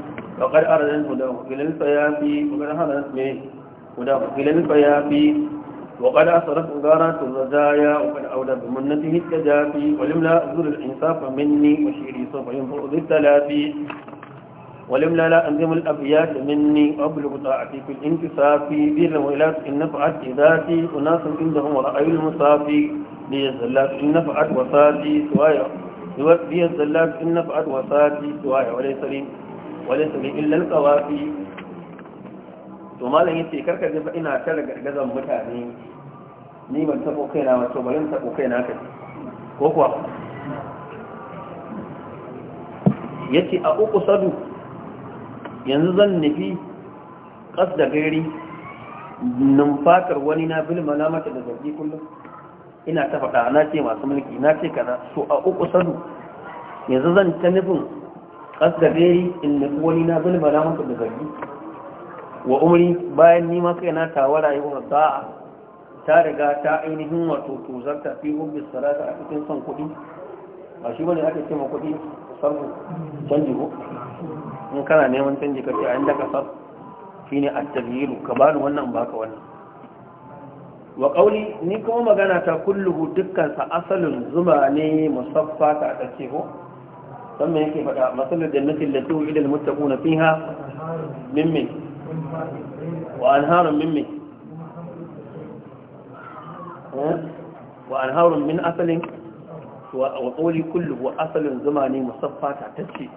وقد أردن هداه إلى الفيافي وقد أردن منه هداه إلى الفيافي وقد أثرت إدارة الرزايا وقد أولى بمنته التجافي ولم لا أبذل الإنصاف مني وشيري سوف ينظر ذي التلافي ولم لا أنزم الأبيات مني وأبلغ طاعتي في الانتصاف بير الولاة إن نفعت ذاتي أناس عندهم رأي المصافي biyar sallat in na fa'ad wa sati suwaya biyar sallat in na fa'ad wa sati suwaya wale sari wale sari to malam yace karka ga ina tara gargazan mutane ni ban taɓo kaina ba to bari in tabo kaina kai ko kuwa ce a uku sadu yanzu zan nufi ƙas da gari numfatar wani na bilmana mata da zargi kullum ina ta faɗa na ce masu mulki na ce kana so a uku sadu yanzu zan ta nufin ƙasgare in nufi wani na zulma na mutu da zargi wa umri bayan nima kai na tawara wa za a ta riga ta ainihin wato tozar ta fi hubbis sarata a cikin son kuɗi ba shi wani ake ce ma kuɗi sarfu canji ko in kana neman canji ka ce a inda ka shi ne a tabyiru ka bani wannan baka wannan wa ƙauli ni kuma magana ta kulluhu dukkansa asalin zuma ne musaffa ta ɗarce ko don me yake faɗa da jannatin da tuhu ilal muttaquna fiha mimmi wa anharun mimmin eh? wa anharun min asalin wa ƙauli kulluhu asalin zuma ne musaffa ta ɗarce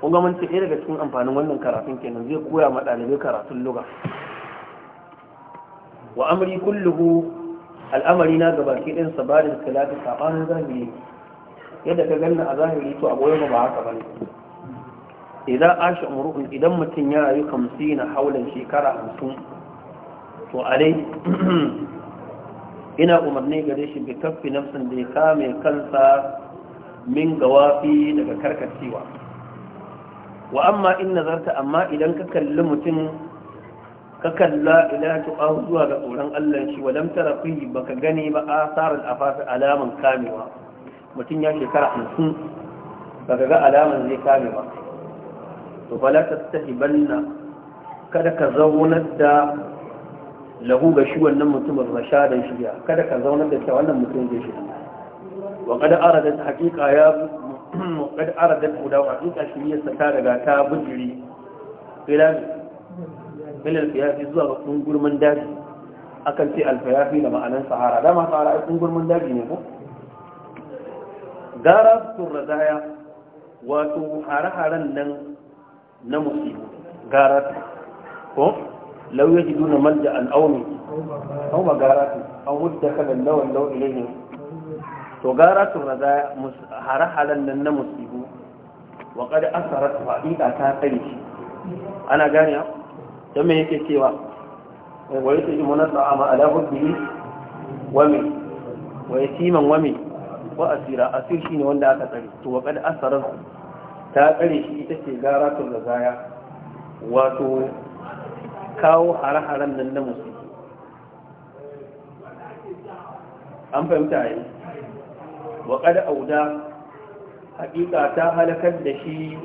kun ga mun ce daga cikin amfanin wannan karatun kenan zai koya ma ɗalibai karatun lugha wa amri kulluhu al'amari na gaba ke ɗin sabarin salatu sabanin zahiri yadda ka ganna a zahiri to a goyon ba haka bane idan ashi umru'un idan mutum ya rayu na haulan shekara hamsin to alai ina umarni gare shi bi kaffi nafsin da ya kame kansa min gawafi daga karkacewa wa amma in nazarta amma idan ka kalli mutum kakan la ila tuqahu zuwa ga tsoron Allah shi wa lam tara ba ka gane ba a a fasa alaman kamewa mutum ya shekara ba ka ga alaman zai kame ba to fala tastahibanna kada ka zaunar da lahu ga shi wannan mutumin rashadan shiya kada ka zaunar da ta wannan mutum zai shi wa kada aradat haƙiƙa ya wa kada aradat hudawa shi shiriyarsa ta daga ta bujiri ila min alfiyafi zuwa ga kungurmin daji akan ce alfiyafi da ma'anan sahara dama sahara ai kungurmin daji ne ko gara sun razaya wato hare-haren nan na musibu gara ko lau yaji na manja al'aumi au ba gara su an wuce kalan lawan lau ilayin to gara sun razaya hare-haren nan na musibu wa kada asarar su haɗiƙa ta tsare ana gani ya don me yake cewa wani su imuna ta'ama ala hubbihi wa min wa yatiman timan min Ko asira asir shi ne wanda aka tsare to wa qad asarar ta tsare shi ita ce garatul lazaya wato kawo hare-haren nan na musu an fahimta yi wa qad auda haƙiƙa ta halakar da shi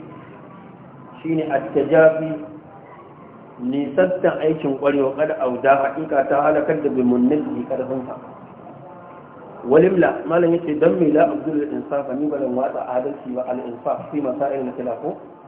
shi ne at-tajafi nisattan aikin ƙwarewa kada auda haƙiƙa ta halakar da bai munnin karfin sa walimla malam yace don me la abdul insafa ni balan watsa adalci wa al insaf masa masail na tilafu